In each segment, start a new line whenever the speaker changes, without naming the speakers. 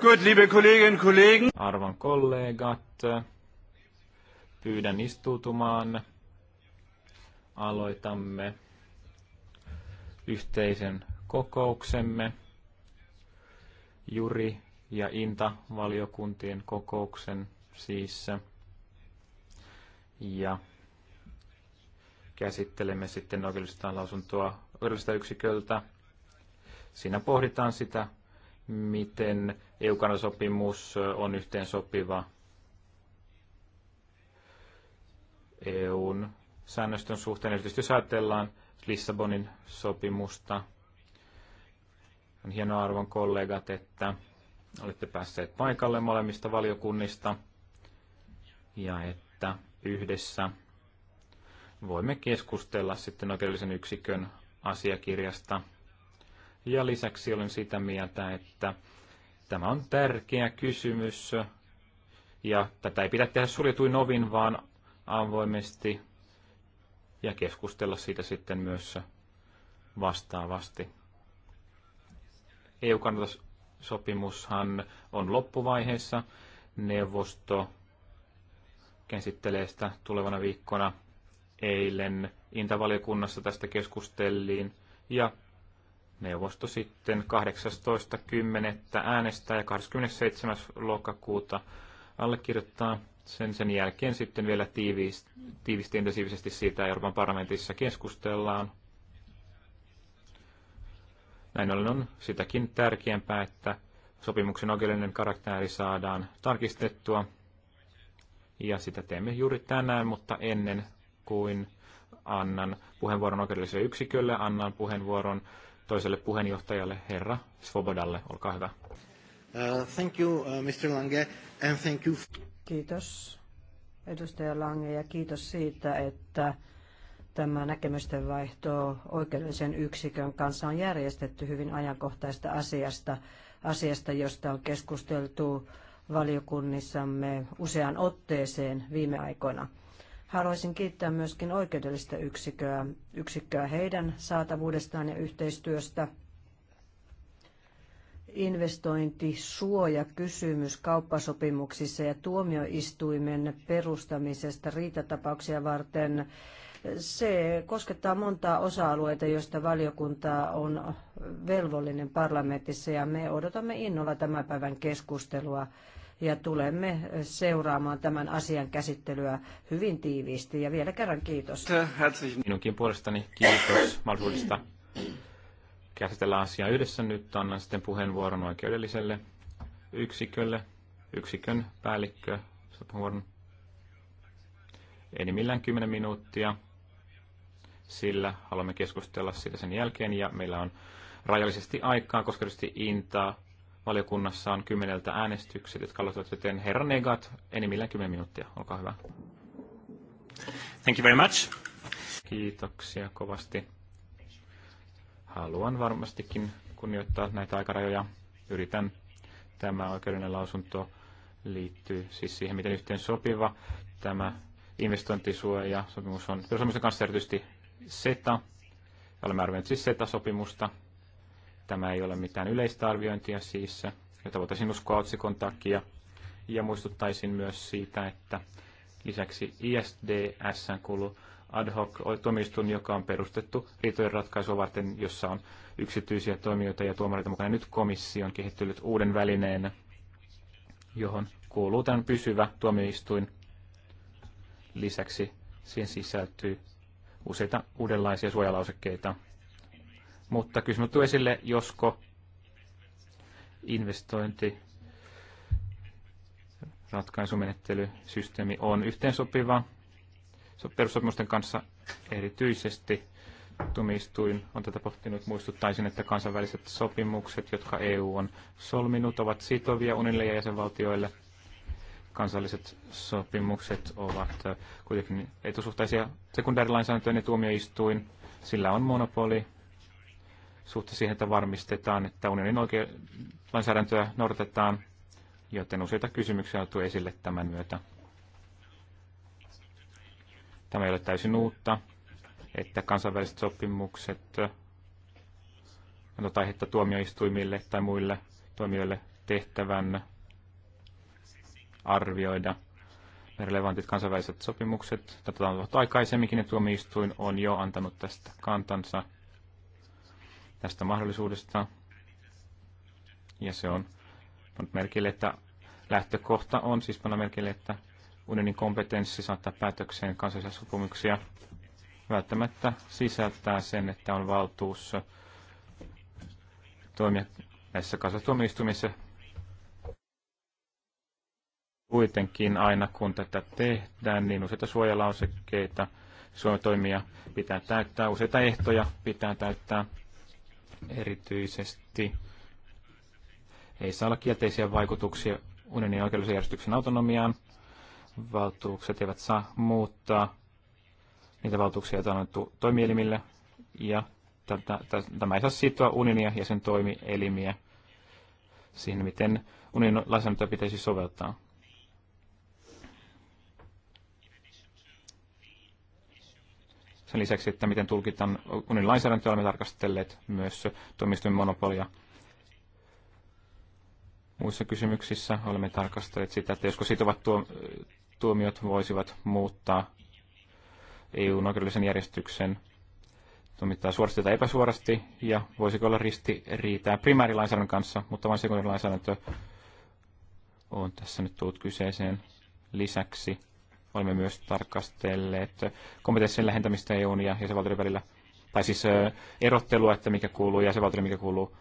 Gut, liebe
Kolleginnen Kollegen. Arvon kollegat, pyydän istutumaan. Aloitamme yhteisen kokouksemme. Juri ja Inta valiokuntien kokouksen siis. Ja käsittelemme sitten oikeudellista lausuntoa oikeudellisesta yksiköltä Siinä pohditaan sitä, miten eu sopimus on yhteensopiva EUn säännöstön suhteen. Erityisesti jos ajatellaan Lissabonin sopimusta, on hieno arvon kollegat, että olette päässeet paikalle molemmista valiokunnista ja että yhdessä voimme keskustella sitten oikeudellisen yksikön asiakirjasta – ja lisäksi olen sitä mieltä, että tämä on tärkeä kysymys ja tätä ei pidä tehdä suljetuin ovin, vaan avoimesti ja keskustella siitä sitten myös vastaavasti. eu sopimushan on loppuvaiheessa. Neuvosto käsittelee sitä tulevana viikkona. Eilen Intavaliokunnassa tästä keskusteltiin ja neuvosto sitten 18.10. äänestää ja 27. lokakuuta allekirjoittaa sen, sen jälkeen sitten vielä tiiviisti, tiiviisti intensiivisesti siitä Euroopan parlamentissa keskustellaan. Näin ollen on sitäkin tärkeämpää, että sopimuksen oikeudellinen karakteri saadaan tarkistettua. Ja sitä teemme juuri tänään, mutta ennen kuin annan puheenvuoron oikeudelliselle yksikölle, annan puheenvuoron toiselle puheenjohtajalle, herra Svobodalle. Olkaa hyvä.
Uh, thank you, uh, Mr. Lange, and thank you. Kiitos, edustaja Lange, ja kiitos siitä, että tämä näkemysten vaihto oikeudellisen yksikön kanssa on järjestetty hyvin ajankohtaista asiasta, asiasta josta on keskusteltu valiokunnissamme useaan otteeseen viime aikoina. Haluaisin kiittää myöskin oikeudellista yksikköä, yksikköä heidän saatavuudestaan ja yhteistyöstä. Investointisuojakysymys kauppasopimuksissa ja tuomioistuimen perustamisesta riitatapauksia varten se koskettaa montaa osa-alueita, joista valiokunta on velvollinen parlamentissa ja me odotamme innolla tämän päivän keskustelua ja tulemme seuraamaan tämän asian käsittelyä hyvin tiiviisti. Ja vielä kerran kiitos.
Minunkin puolestani kiitos mahdollisuudesta käsitellä asiaa yhdessä. Nyt annan sitten puheenvuoron oikeudelliselle yksikölle, yksikön päällikkö, puheenvuoron enimmillään 10 minuuttia, sillä haluamme keskustella siitä sen jälkeen ja meillä on rajallisesti aikaa, koska tietysti Intaa valiokunnassa on kymmeneltä äänestykset, jotka aloittavat, joten herra Negat, enimmillään 10 minuuttia. Olkaa hyvä. Thank you very much. Kiitoksia kovasti. Haluan varmastikin kunnioittaa näitä aikarajoja. Yritän. Tämä oikeudellinen lausunto liittyy siis siihen, miten yhteen sopiva tämä investointisuoja sopimus on. Perusomisen kanssa erityisesti SETA. Olemme arvioineet siis SETA-sopimusta Tämä ei ole mitään yleistä arviointia siis, jota voitaisiin uskoa otsikon takia. Ja muistuttaisin myös siitä, että lisäksi ISDS kuuluu ad hoc tuomioistuin, joka on perustettu riitojen ratkaisua varten, jossa on yksityisiä toimijoita ja tuomareita mukana. Nyt komissio on kehittynyt uuden välineen, johon kuuluu tämän pysyvä tuomioistuin. Lisäksi siihen sisältyy useita uudenlaisia suojalausekkeita. Mutta kysymys tuli esille, josko investointi ratkaisumenettelysysteemi on yhteensopiva perussopimusten kanssa erityisesti tumistuin, on tätä pohtinut. Muistuttaisin, että kansainväliset sopimukset, jotka EU on solminut, ovat sitovia unille ja jäsenvaltioille. Kansalliset sopimukset ovat äh, kuitenkin etusuhtaisia sekundäärilainsäädäntöön ja tuomioistuin. Sillä on monopoli suhteessa siihen, että varmistetaan, että unionin oikea lainsäädäntöä noudatetaan, joten useita kysymyksiä on esille tämän myötä. Tämä ei ole täysin uutta, että kansainväliset sopimukset antavat aihetta tuomioistuimille tai muille toimijoille tehtävän arvioida relevantit kansainväliset sopimukset. Tätä on ollut aikaisemminkin, ja tuomioistuin on jo antanut tästä kantansa tästä mahdollisuudesta. Ja se on pannut merkille, että lähtökohta on siis panna merkille, että unionin kompetenssi saattaa päätökseen kansallisia sopimuksia välttämättä sisältää sen, että on valtuus toimia näissä kansallistuomioistuimissa kuitenkin aina kun tätä tehdään, niin useita suojalausekkeita Suomen toimia pitää täyttää, useita ehtoja pitää täyttää erityisesti ei saa olla kielteisiä vaikutuksia unionin oikeudellisen järjestyksen autonomiaan. Valtuukset eivät saa muuttaa niitä valtuuksia, joita on annettu toimielimille, ja tämä ei saa sitoa unionia ja sen toimielimiä siihen, miten unionin lainsäädäntöä pitäisi soveltaa. sen lisäksi, että miten tulkitaan unionin lainsäädäntöä, olemme tarkastelleet myös tuomioistuimen monopolia. Muissa kysymyksissä olemme tarkastelleet sitä, että josko sitovat tuomiot voisivat muuttaa EU-oikeudellisen järjestyksen tuomittaa suorasti tai epäsuorasti, ja voisiko olla riitää primäärilainsäädännön kanssa, mutta vain sekundaarilainsäädäntö on tässä nyt tullut kyseeseen lisäksi Olemme myös tarkastelleet kompetenssin lähentämistä EUn ja jäsenvaltioiden välillä, tai siis erottelua, että mikä kuuluu jäsenvaltioiden, mikä kuuluu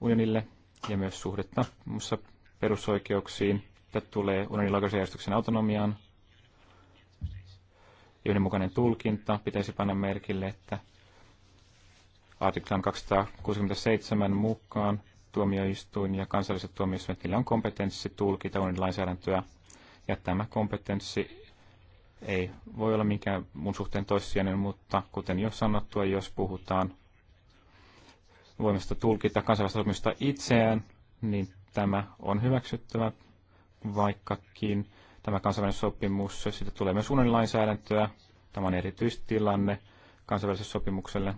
unionille, ja myös suhdetta muussa perusoikeuksiin. Tätä tulee unionin oikeusjärjestyksen autonomiaan. Yhdenmukainen tulkinta. Pitäisi panna merkille, että artiklan 267 mukaan tuomioistuin ja kansalliset tuomioistuimet, on kompetenssi tulkita unionin lainsäädäntöä, ja tämä kompetenssi ei voi olla minkään mun suhteen toissijainen, mutta kuten jo sanottua, jos puhutaan voimista tulkita kansainvälistä sopimusta itseään, niin tämä on hyväksyttävä, vaikkakin tämä kansainvälinen sopimus, siitä tulee myös unionin lainsäädäntöä. Tämä on erityistilanne kansainväliselle sopimukselle.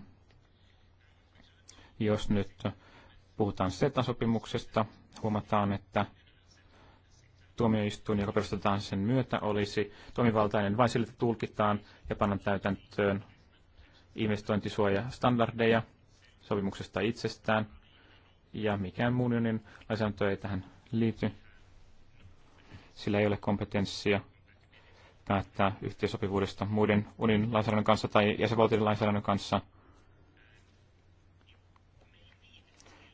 Jos nyt puhutaan ceta sopimuksesta huomataan, että tuomioistuin, joka perustetaan sen myötä, olisi toimivaltainen vain sille, että tulkitaan ja pannaan täytäntöön investointisuojastandardeja sopimuksesta itsestään, ja mikään muun unionin lainsäädäntö ei tähän liity. Sillä ei ole kompetenssia päättää yhteensopivuudesta muiden unionin lainsäädännön kanssa tai jäsenvaltioiden lainsäädännön kanssa.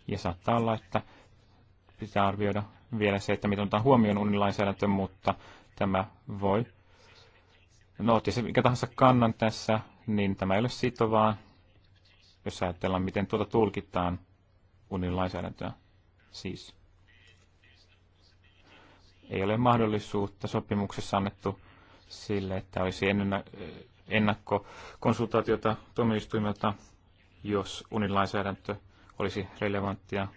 Ja saattaa olla, että pitää arvioida vielä se, että miten otetaan huomioon unilainsäädäntö, mutta tämä voi. No, otti se mikä tahansa kannan tässä, niin tämä ei ole sitovaa, jos ajatellaan, miten tuota tulkitaan unilainsäädäntöä. Siis ei ole mahdollisuutta sopimuksessa annettu sille, että olisi ennakkokonsultaatiota tuomioistuimelta, jos unilainsäädäntö olisi relevanttia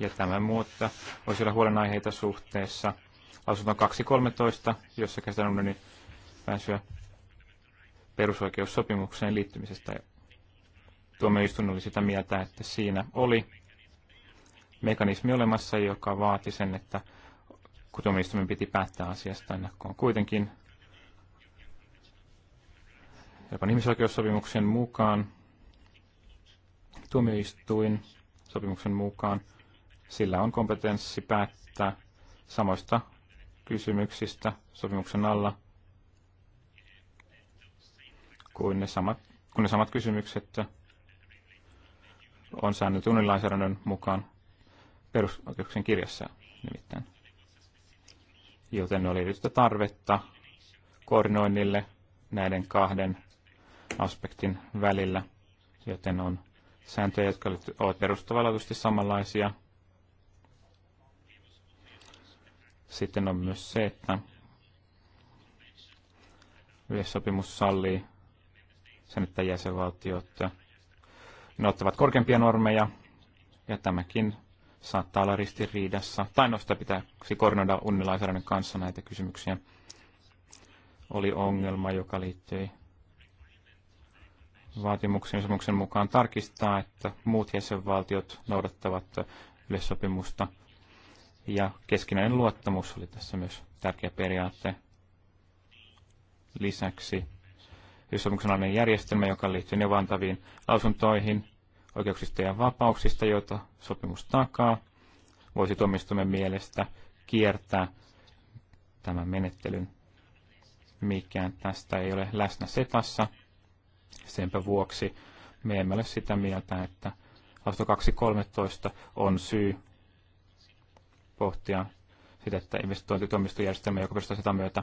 ja tämän muuta voisi olla huolenaiheita suhteessa lausunto 2.13, jossa käsitellään unionin pääsyä perusoikeussopimukseen liittymisestä. Tuomioistuin oli sitä mieltä, että siinä oli mekanismi olemassa, joka vaati sen, että kun tuomioistuimen piti päättää asiasta ennakkoon. Kuitenkin jopa ihmisoikeussopimuksen mukaan tuomioistuin sopimuksen mukaan sillä on kompetenssi päättää samoista kysymyksistä sopimuksen alla kuin ne samat, kun ne samat kysymykset on säänneltyn unilainsäädännön mukaan perusoikeuksien kirjassa nimittäin. Joten oli erityistä tarvetta koordinoinnille näiden kahden aspektin välillä, joten on sääntöjä, jotka ovat perustavanlaatuisesti samanlaisia – Sitten on myös se, että yleissopimus sallii sen, että jäsenvaltiot ne ottavat korkeampia normeja, ja tämäkin saattaa olla ristiriidassa, tai noista pitäisi koordinoida unilainsäädännön kanssa näitä kysymyksiä. Oli ongelma, joka liittyi vaatimuksiin sopimuksen mukaan tarkistaa, että muut jäsenvaltiot noudattavat yleissopimusta ja keskinäinen luottamus oli tässä myös tärkeä periaate. Lisäksi alainen järjestelmä, joka liittyy neuvontaviin lausuntoihin oikeuksista ja vapauksista, joita sopimus takaa, voisi tuomioistuimen mielestä kiertää tämän menettelyn. Mikään tästä ei ole läsnä setassa. Senpä vuoksi me emme ole sitä mieltä, että lausunto 2.13 on syy pohtia sitä, että investointitoimistojärjestelmä joka perustaa sitä myötä,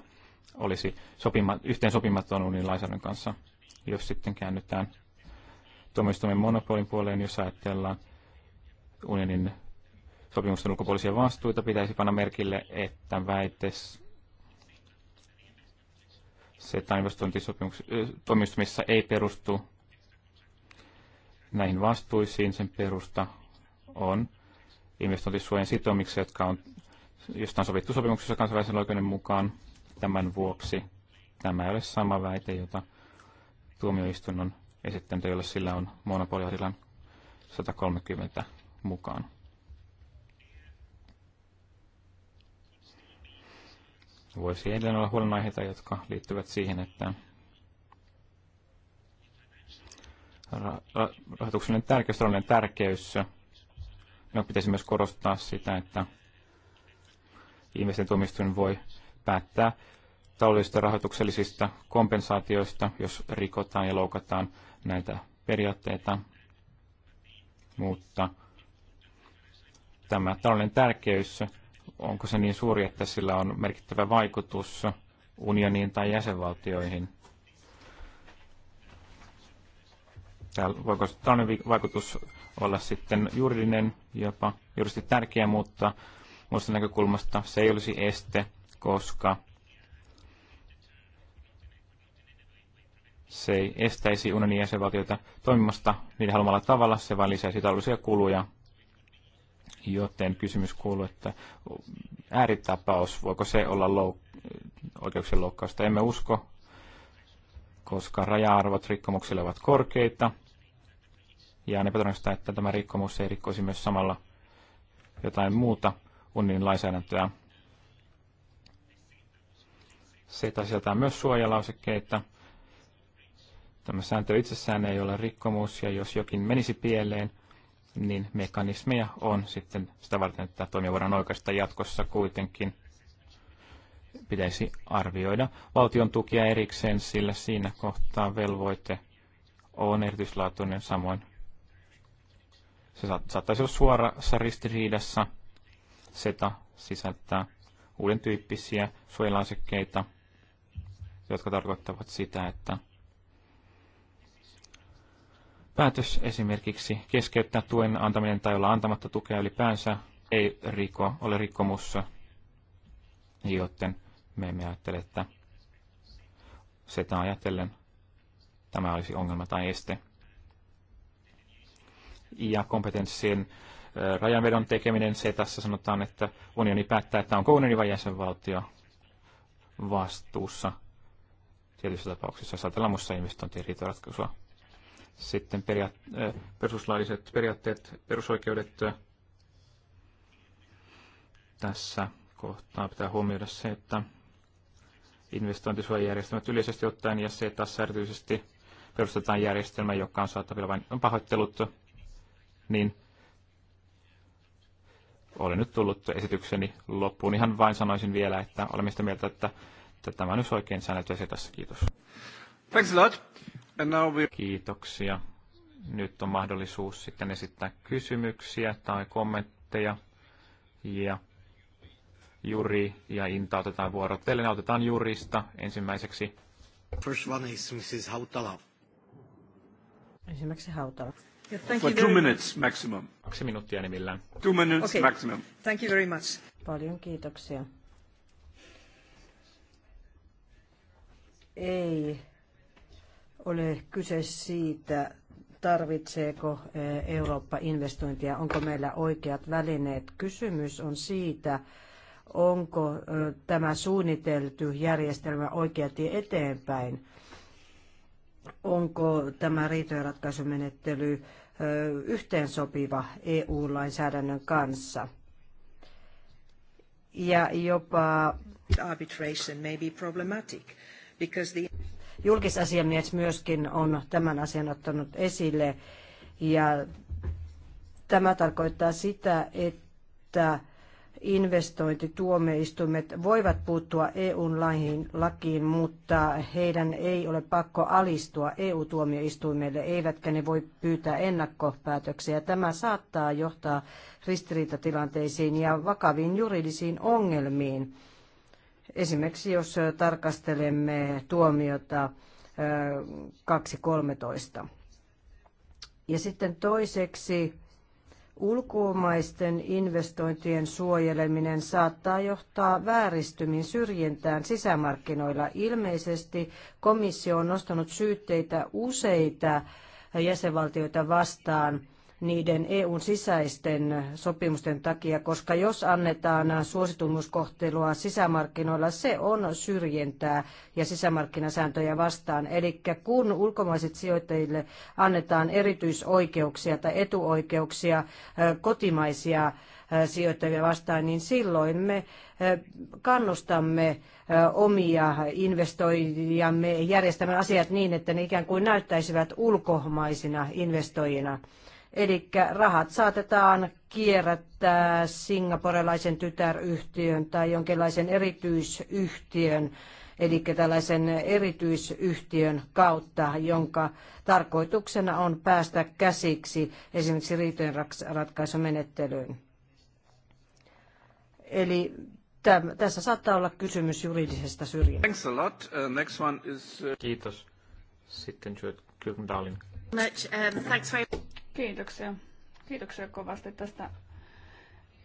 olisi sopima, yhteen sopimaton unionin lainsäädännön kanssa, jos sitten käännytään tuomioistuimen monopolin puoleen, jos ajatellaan unionin sopimusten ulkopuolisia vastuita, pitäisi panna merkille, että väite se, että investointitoimistumissa ei perustu näihin vastuisiin, sen perusta on investointisuojan sitomiksi, jotka on, josta on sovittu sopimuksessa kansainvälisen oikeuden mukaan. Tämän vuoksi tämä ei ole sama väite, jota tuomioistuin on esittänyt, jolle sillä on monopoliartilan 130 mukaan. Voisi edelleen olla huolenaiheita, jotka liittyvät siihen, että rahoituksellinen tärkeys, tärkeys No, pitäisi myös korostaa sitä, että ihmisten tuomistuin voi päättää taloudellisista rahoituksellisista kompensaatioista, jos rikotaan ja loukataan näitä periaatteita. Mutta tämä talouden tärkeys, onko se niin suuri, että sillä on merkittävä vaikutus unioniin tai jäsenvaltioihin? Täällä, voiko talouden vaikutus olla sitten juridinen, jopa juuristi tärkeä, mutta muista näkökulmasta se ei olisi este, koska se ei estäisi unionin jäsenvaltioita toimimasta niiden haluamalla tavalla, se vain lisäisi taloudellisia kuluja. Joten kysymys kuuluu, että ääritapaus, voiko se olla louk- oikeuksien loukkausta? Emme usko, koska raja-arvot rikkomuksille ovat korkeita, ja on epätodennäköistä, että tämä rikkomus ei rikkoisi myös samalla jotain muuta unionin lainsäädäntöä. Se sisältää myös suojalausekkeita. Tämä sääntö itsessään ei ole rikkomus, ja jos jokin menisi pieleen, niin mekanismeja on sitten sitä varten, että toimia voidaan oikeasta jatkossa kuitenkin pitäisi arvioida valtion tukia erikseen, sillä siinä kohtaa velvoite on erityislaatuinen samoin se saattaisi olla suorassa ristiriidassa. SETA sisältää uuden tyyppisiä suojelasekkeita, jotka tarkoittavat sitä, että päätös esimerkiksi keskeyttää tuen antaminen tai olla antamatta tukea ylipäänsä ei riko, ole rikkomus, joten me emme ajattele, että sitä ajatellen tämä olisi ongelma tai este ja kompetenssien rajanvedon tekeminen. Se tässä sanotaan, että unioni päättää, että onko unioni vai jäsenvaltio vastuussa tietyissä tapauksissa, Saatellaan muissa investointien riitoratkaisua. Sitten periaat- perustuslailliset periaatteet, perusoikeudet. Tässä kohtaa pitää huomioida se, että investointisuojajärjestelmät yleisesti ottaen ja se tässä erityisesti perustetaan järjestelmä, joka on saatavilla vain pahoittelut niin olen nyt tullut esitykseni loppuun. Ihan vain sanoisin vielä, että olemme sitä mieltä, että, että tämä on nyt oikein säännöt asia tässä. Kiitos.
Thanks a lot. And now
we... Kiitoksia. Nyt on mahdollisuus sitten esittää kysymyksiä tai kommentteja. Ja Juri ja Inta otetaan vuorotellen. Otetaan Jurista ensimmäiseksi. First one is Mrs. Hautala.
Ensimmäiseksi Hautala. Thank you two minutes
maximum. Kaksi minuuttia enimmillään.
Two minutes okay. maximum. Thank you very much. Paljon kiitoksia. Ei ole kyse siitä, tarvitseeko eh, Eurooppa investointia, onko meillä oikeat välineet. Kysymys on siitä, onko eh, tämä suunniteltu järjestelmä oikea tie eteenpäin onko tämä riitojen ratkaisumenettely yhteensopiva EU-lainsäädännön kanssa. Ja jopa arbitration may be problematic because the... julkisasiamies myöskin on tämän asian ottanut esille. Ja tämä tarkoittaa sitä, että investointituomioistuimet voivat puuttua EUn lakiin, lakiin, mutta heidän ei ole pakko alistua EU-tuomioistuimelle, eivätkä ne voi pyytää ennakkopäätöksiä. Tämä saattaa johtaa ristiriitatilanteisiin ja vakaviin juridisiin ongelmiin. Esimerkiksi jos tarkastelemme tuomiota 2.13. Ja sitten toiseksi Ulkomaisten investointien suojeleminen saattaa johtaa vääristymin syrjintään sisämarkkinoilla. Ilmeisesti komissio on nostanut syytteitä useita jäsenvaltioita vastaan – niiden EUn sisäisten sopimusten takia, koska jos annetaan suositumuskohtelua sisämarkkinoilla, se on syrjintää ja sisämarkkinasääntöjä vastaan. Eli kun ulkomaiset sijoittajille annetaan erityisoikeuksia tai etuoikeuksia kotimaisia sijoittajia vastaan, niin silloin me kannustamme omia investoijiamme järjestämään asiat niin, että ne ikään kuin näyttäisivät ulkomaisina investoijina. Eli rahat saatetaan kierrättää singaporelaisen tytäryhtiön tai jonkinlaisen erityisyhtiön, eli tällaisen erityisyhtiön kautta, jonka tarkoituksena on päästä käsiksi esimerkiksi riitojen ratkaisumenettelyyn. Eli täm, tässä saattaa olla kysymys juridisesta syrjinnästä.
Uh, uh, Kiitos. Sitten Jude Kyrkendalin.
Much, um, thanks very Kiitoksia. Kiitoksia kovasti tästä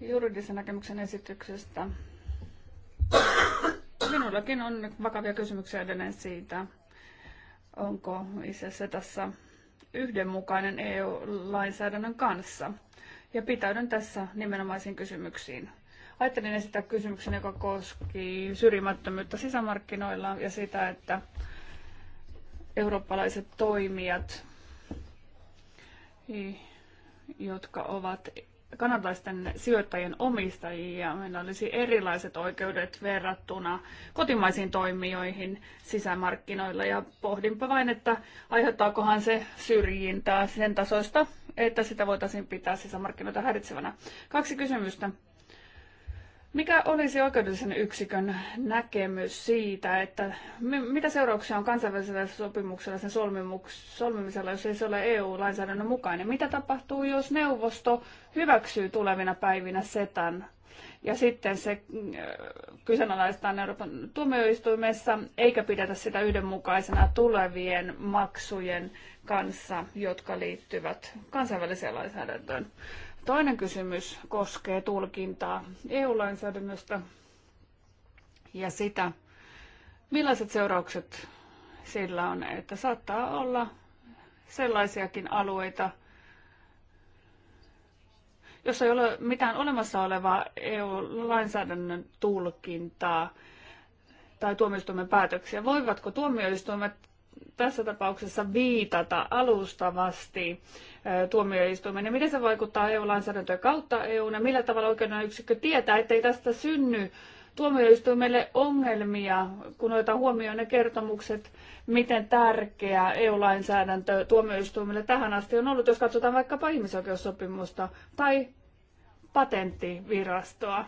juridisen näkemyksen esityksestä. Minullakin on vakavia kysymyksiä edelleen siitä, onko itse tässä yhdenmukainen EU-lainsäädännön kanssa. Ja pitäydyn tässä nimenomaisiin kysymyksiin. Ajattelin esittää kysymyksen, joka koski syrjimättömyyttä sisämarkkinoilla ja sitä, että eurooppalaiset toimijat jotka ovat kanadalaisten sijoittajien omistajia. Meillä olisi erilaiset oikeudet verrattuna kotimaisiin toimijoihin sisämarkkinoilla. Ja pohdinpa vain, että aiheuttaakohan se syrjintää sen tasoista, että sitä voitaisiin pitää sisämarkkinoita häiritsevänä. Kaksi kysymystä. Mikä olisi oikeudellisen yksikön näkemys siitä, että mitä seurauksia on kansainvälisellä sopimuksella sen solmimisella, jos ei se ole EU-lainsäädännön mukainen? Mitä tapahtuu, jos neuvosto hyväksyy tulevina päivinä SETAn ja sitten se äh, kyseenalaistaan Euroopan tuomioistuimessa eikä pidetä sitä yhdenmukaisena tulevien maksujen kanssa, jotka liittyvät kansainväliseen lainsäädäntöön? Toinen kysymys koskee tulkintaa EU-lainsäädännöstä ja sitä, millaiset seuraukset sillä on, että saattaa olla sellaisiakin alueita, jos ei ole mitään olemassa olevaa EU-lainsäädännön tulkintaa tai tuomioistuimen päätöksiä. Voivatko tuomioistuimet tässä tapauksessa viitata alustavasti tuomioistuimen ja miten se vaikuttaa EU-lainsäädäntöön kautta EUn ja millä tavalla oikeuden yksikkö tietää, ettei tästä synny tuomioistuimelle ongelmia, kun otetaan huomioon ne kertomukset, miten tärkeä EU-lainsäädäntö tuomioistuimelle tähän asti on ollut, jos katsotaan vaikkapa ihmisoikeussopimusta tai patenttivirastoa.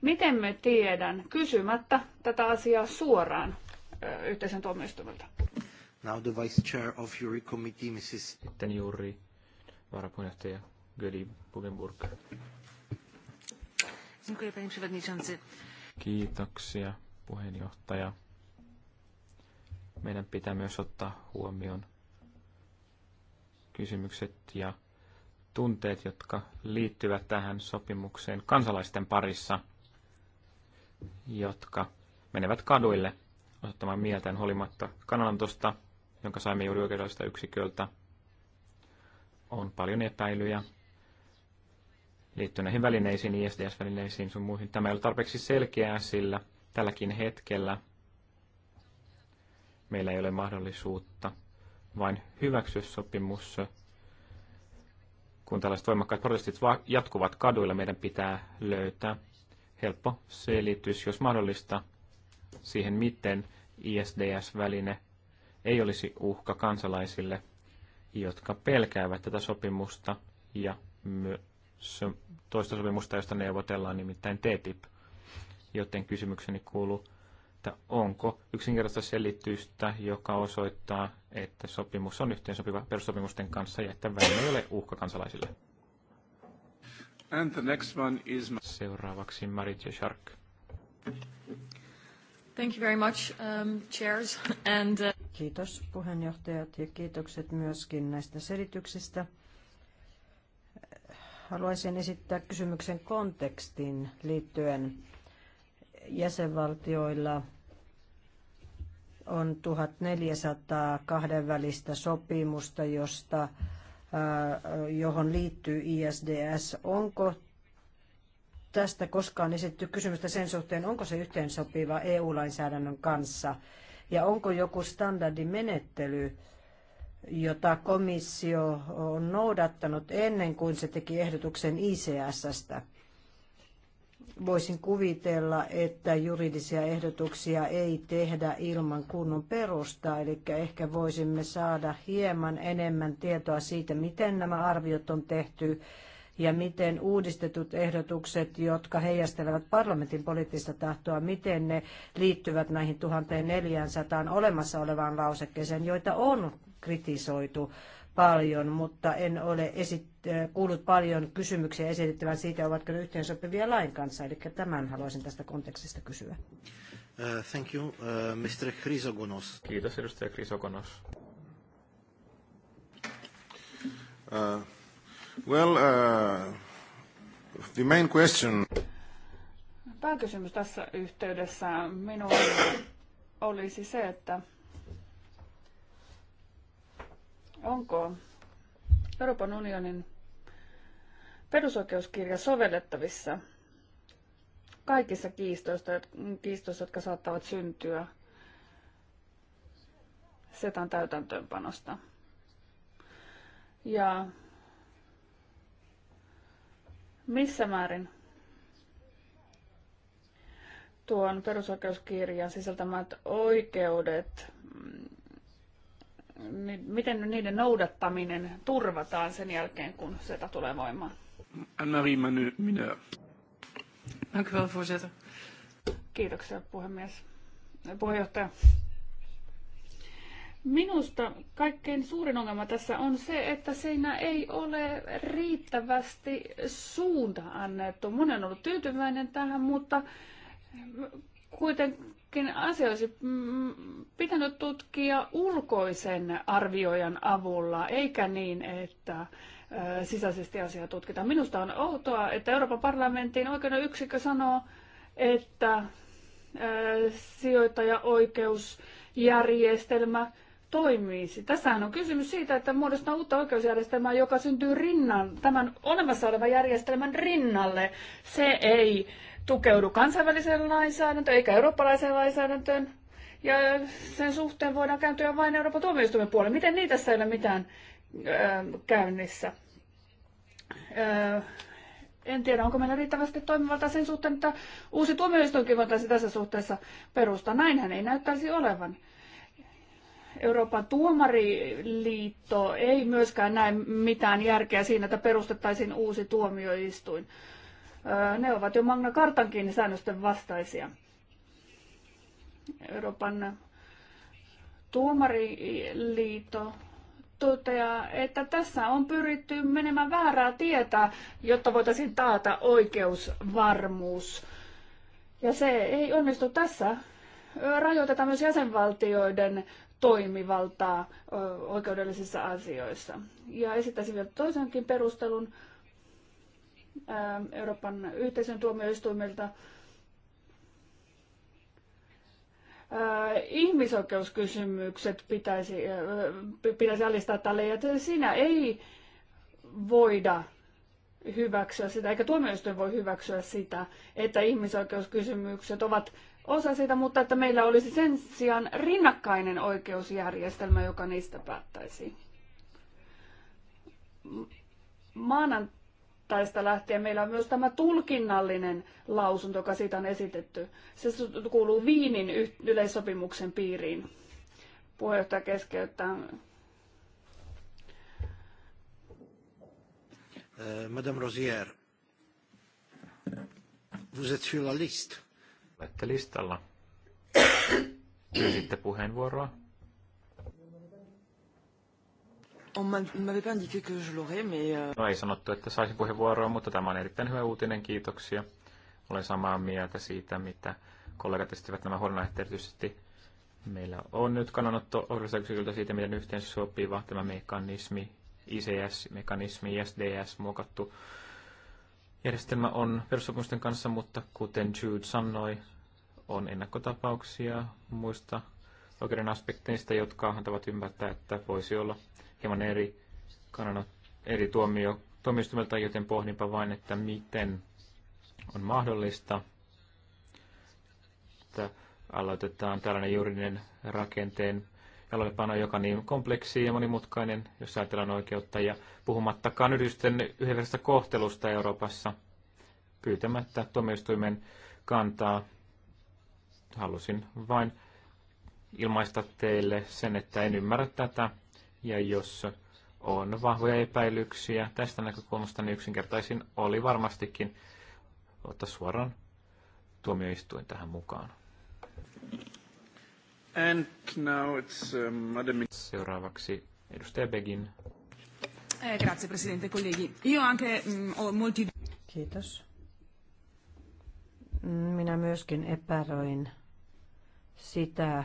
Miten me tiedän, kysymättä tätä asiaa suoraan yhteisen tuomioistuimelta?
Now the Vice Chair of Jury Committee, Mrs. varapuheenjohtaja Gödi Bugenburg. Kiitoksia, puheenjohtaja. Meidän pitää myös ottaa huomioon kysymykset ja tunteet, jotka liittyvät tähän sopimukseen kansalaisten parissa, jotka menevät kaduille osoittamaan mieltään huolimatta kannanotosta, jonka saimme juuri oikeudelliselta yksiköltä, on paljon epäilyjä liittyen näihin välineisiin, ISDS-välineisiin sun muihin. Tämä ei ole tarpeeksi selkeää, sillä tälläkin hetkellä meillä ei ole mahdollisuutta vain hyväksyä sopimus. Kun tällaiset voimakkaat protestit jatkuvat kaduilla, meidän pitää löytää helppo selitys, jos mahdollista, siihen, miten ISDS-väline ei olisi uhka kansalaisille, jotka pelkäävät tätä sopimusta ja myös toista sopimusta, josta neuvotellaan, nimittäin TTIP. Joten kysymykseni kuuluu, että onko yksinkertaista selitystä, joka osoittaa, että sopimus on yhteensopiva perussopimusten kanssa ja että väline ei ole uhka kansalaisille. And the next one is... Seuraavaksi Maritje Shark.
Thank you very much, um, chairs and, uh... Kiitos puheenjohtajat ja kiitokset myöskin näistä selityksistä. Haluaisin esittää kysymyksen kontekstin liittyen jäsenvaltioilla on 1400 kahdenvälistä sopimusta, josta, johon liittyy ISDS. Onko tästä koskaan esitetty kysymystä sen suhteen, onko se yhteensopiva EU-lainsäädännön kanssa ja onko joku standardimenettely, jota komissio on noudattanut ennen kuin se teki ehdotuksen ICSstä. Voisin kuvitella, että juridisia ehdotuksia ei tehdä ilman kunnon perusta, eli ehkä voisimme saada hieman enemmän tietoa siitä, miten nämä arviot on tehty, ja miten uudistetut ehdotukset, jotka heijastelevat parlamentin poliittista tahtoa, miten ne liittyvät näihin 1400 olemassa olevaan lausekkeeseen, joita on kritisoitu paljon, mutta en ole äh, kuullut paljon kysymyksiä esitettävän siitä, ovatko ne yhteensopivia lain kanssa. Eli tämän haluaisin tästä kontekstista kysyä.
Uh, thank you, uh, äh, Mr. Chrysogonos. Kiitos, edustaja Chrysogonos.
Uh, Well, uh, the main question...
Pääkysymys tässä yhteydessä minulla olisi se, että onko Euroopan unionin perusoikeuskirja sovellettavissa kaikissa kiistoissa, kiistoissa jotka saattavat syntyä setan täytäntöönpanosta. Ja missä määrin tuon perusoikeuskirjan sisältämät oikeudet, mm, niin miten niiden noudattaminen turvataan sen jälkeen, kun se tulee voimaan?
Anne-Marie Mineur.
Dank u wel, voorzitter. Kiitoksia, puhemies. Puheenjohtaja. Minusta kaikkein suurin ongelma tässä on se, että siinä ei ole riittävästi suunta annettu. Monen on ollut tyytyväinen tähän, mutta kuitenkin asia olisi mm, pitänyt tutkia ulkoisen arvioijan avulla, eikä niin, että sisäisesti asiaa tutkitaan. Minusta on outoa, että Euroopan parlamentin oikeuden yksikkö sanoo, että sijoittajaoikeusjärjestelmä toimisi. Tässähän on kysymys siitä, että muodostaa uutta oikeusjärjestelmää, joka syntyy rinnan, tämän olemassa olevan järjestelmän rinnalle. Se ei tukeudu kansainväliseen lainsäädäntöön eikä eurooppalaiseen lainsäädäntöön. Ja sen suhteen voidaan kääntyä vain Euroopan tuomioistuimen puolelle. Miten niitä ei ole mitään ää, käynnissä? Ää, en tiedä, onko meillä riittävästi toimivalta sen suhteen, että uusi tuomioistuinkin voitaisiin tässä suhteessa perustaa. Näinhän ei näyttäisi olevan. Euroopan tuomariliitto ei myöskään näe mitään järkeä siinä, että perustettaisiin uusi tuomioistuin. Ne ovat jo Magna Kartankin säännösten vastaisia. Euroopan tuomariliitto toteaa, että tässä on pyritty menemään väärää tietä, jotta voitaisiin taata oikeusvarmuus. Ja se ei onnistu tässä. Rajoitetaan myös jäsenvaltioiden toimivaltaa oikeudellisissa asioissa. Ja esittäisin vielä toisenkin perustelun Euroopan yhteisön tuomioistuimelta. Ihmisoikeuskysymykset pitäisi, pitäisi alistaa tälle, ja siinä ei voida hyväksyä sitä, eikä tuomioistuin voi hyväksyä sitä, että ihmisoikeuskysymykset ovat osa sitä, mutta että meillä olisi sen sijaan rinnakkainen oikeusjärjestelmä, joka niistä päättäisi. Maanantaista lähtien meillä on myös tämä tulkinnallinen lausunto, joka siitä on esitetty. Se kuuluu Viinin yleissopimuksen piiriin. Puheenjohtaja keskeyttää.
Euh, Madame Rosière,
vous êtes sur la liste. Olette listalla. Pyysitte puheenvuoroa.
On m'avait pas indiqué que je l'aurais, mais... Euh,
no ei sanottu, että saisin puheenvuoroa, mutta tämä on erittäin hyvä uutinen, kiitoksia. Olen samaa mieltä siitä, mitä kollegat esittivät nämä huolenaiheet erityisesti. Meillä on nyt kannanotto oikeudelliselta siitä, miten yhteen sopiva tämä mekanismi ICS-mekanismi, ISDS muokattu järjestelmä on perussopimusten kanssa, mutta kuten Jude sanoi, on ennakkotapauksia muista oikeuden aspekteista, jotka antavat ymmärtää, että voisi olla hieman eri kannanot, eri tuomio, tuomioistumelta, joten pohdinpa vain, että miten on mahdollista, että aloitetaan tällainen juridinen rakenteen taloudellipano, joka on niin kompleksi ja monimutkainen, jos ajatellaan oikeutta, ja puhumattakaan yritysten yhdenvertaisesta kohtelusta Euroopassa pyytämättä tuomioistuimen kantaa. Halusin vain ilmaista teille sen, että en ymmärrä tätä, ja jos on vahvoja epäilyksiä tästä näkökulmasta, niin yksinkertaisin oli varmastikin ottaa suoraan tuomioistuin tähän mukaan. And now it's, um, Seuraavaksi edustaja Begin.
Eh, grazie Presidente, colleghi. Io anche mm, ho molti... Kiitos. Minä myöskin epäröin sitä,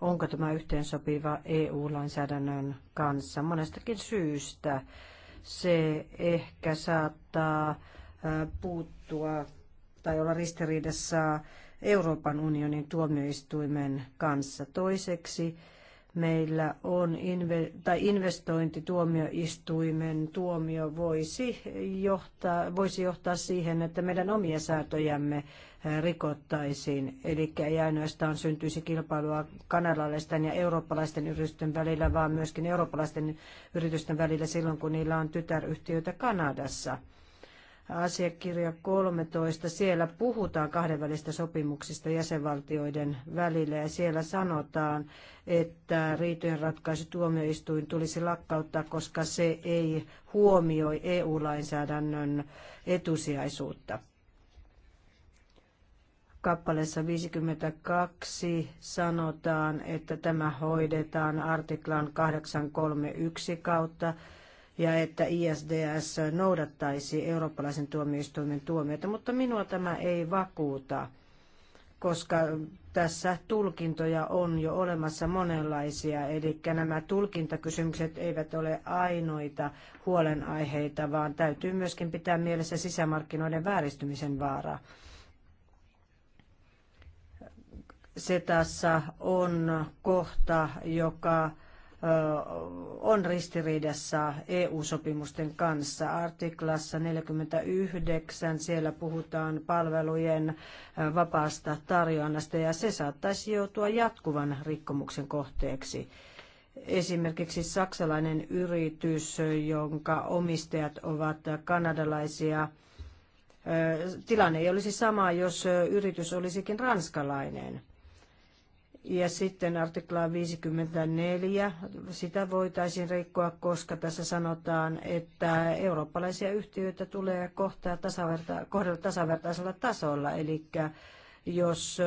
onko tämä yhteensopiva EU-lainsäädännön kanssa monestakin syystä. Se ehkä saattaa puuttua tai olla ristiriidassa Euroopan unionin tuomioistuimen kanssa. Toiseksi meillä on inve- tai investointituomioistuimen tuomio voisi johtaa, voisi johtaa siihen, että meidän omia säätöjämme rikottaisiin. Eli ei ainoastaan syntyisi kilpailua kanadalaisten ja eurooppalaisten yritysten välillä, vaan myöskin eurooppalaisten yritysten välillä silloin, kun niillä on tytäryhtiöitä Kanadassa – asiakirja 13, siellä puhutaan kahdenvälistä sopimuksista jäsenvaltioiden välillä ja siellä sanotaan, että tuomioistuin tulisi lakkauttaa, koska se ei huomioi EU-lainsäädännön etusijaisuutta. Kappaleessa 52 sanotaan, että tämä hoidetaan artiklan 831 kautta ja että ISDS noudattaisi eurooppalaisen tuomioistuimen tuomiota, mutta minua tämä ei vakuuta, koska tässä tulkintoja on jo olemassa monenlaisia, eli nämä tulkintakysymykset eivät ole ainoita huolenaiheita, vaan täytyy myöskin pitää mielessä sisämarkkinoiden vääristymisen vaara. Setassa on kohta, joka on ristiriidassa EU-sopimusten kanssa. Artiklassa 49 siellä puhutaan palvelujen vapaasta tarjonnasta ja se saattaisi joutua jatkuvan rikkomuksen kohteeksi. Esimerkiksi saksalainen yritys, jonka omistajat ovat kanadalaisia, Tilanne ei olisi sama, jos yritys olisikin ranskalainen. Ja sitten artiklaa 54, sitä voitaisiin rikkoa, koska tässä sanotaan, että eurooppalaisia yhtiöitä tulee kohtaa tasaverta, kohdella tasavertaisella tasolla, eli jos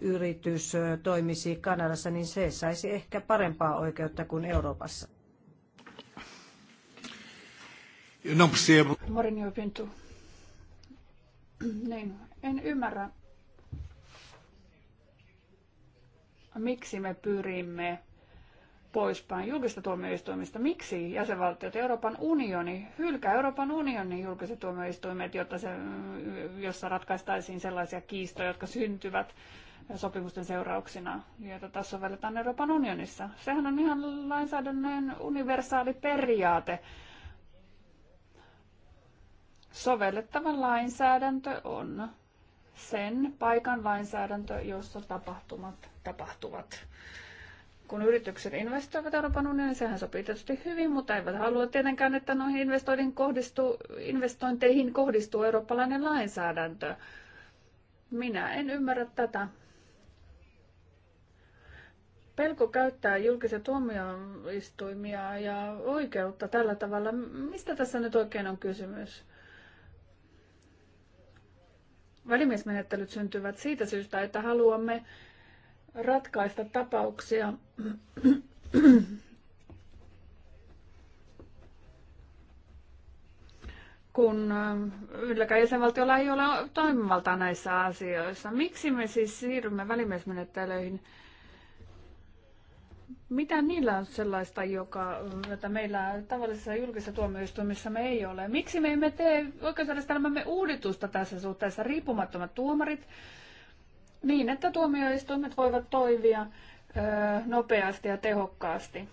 yritys toimisi Kanadassa, niin se saisi ehkä parempaa oikeutta kuin Euroopassa.
No, Morin Pintu. Niin, en ymmärrä miksi me pyrimme poispäin julkista tuomioistuimista. Miksi jäsenvaltiot Euroopan unioni hylkää Euroopan unionin julkiset tuomioistuimet, jotta se, jossa ratkaistaisiin sellaisia kiistoja, jotka syntyvät sopimusten seurauksena, joita taas sovelletaan Euroopan unionissa. Sehän on ihan lainsäädännön universaali periaate. Sovellettava lainsäädäntö on sen paikan lainsäädäntö, jossa tapahtumat tapahtuvat. Kun yritykset investoivat Euroopan unioniin, niin sehän sopii tietysti hyvin, mutta eivät halua tietenkään, että noihin investointeihin kohdistuu, investointeihin kohdistuu eurooppalainen lainsäädäntö. Minä en ymmärrä tätä. Pelko käyttää julkisia tuomioistuimia ja oikeutta tällä tavalla. Mistä tässä nyt oikein on kysymys? Välimiesmenettelyt syntyvät siitä syystä, että haluamme ratkaista tapauksia, kun äh, ylläkään jäsenvaltiolla ei ole toimivalta näissä asioissa. Miksi me siis siirrymme välimiesmenettelyihin? Mitä niillä on sellaista, joka, jota meillä tavallisessa julkisessa tuomioistuimissa me ei ole? Miksi me emme tee oikeusjärjestelmämme uudistusta tässä suhteessa? Riippumattomat tuomarit, niin, että tuomioistuimet voivat toimia nopeasti ja tehokkaasti.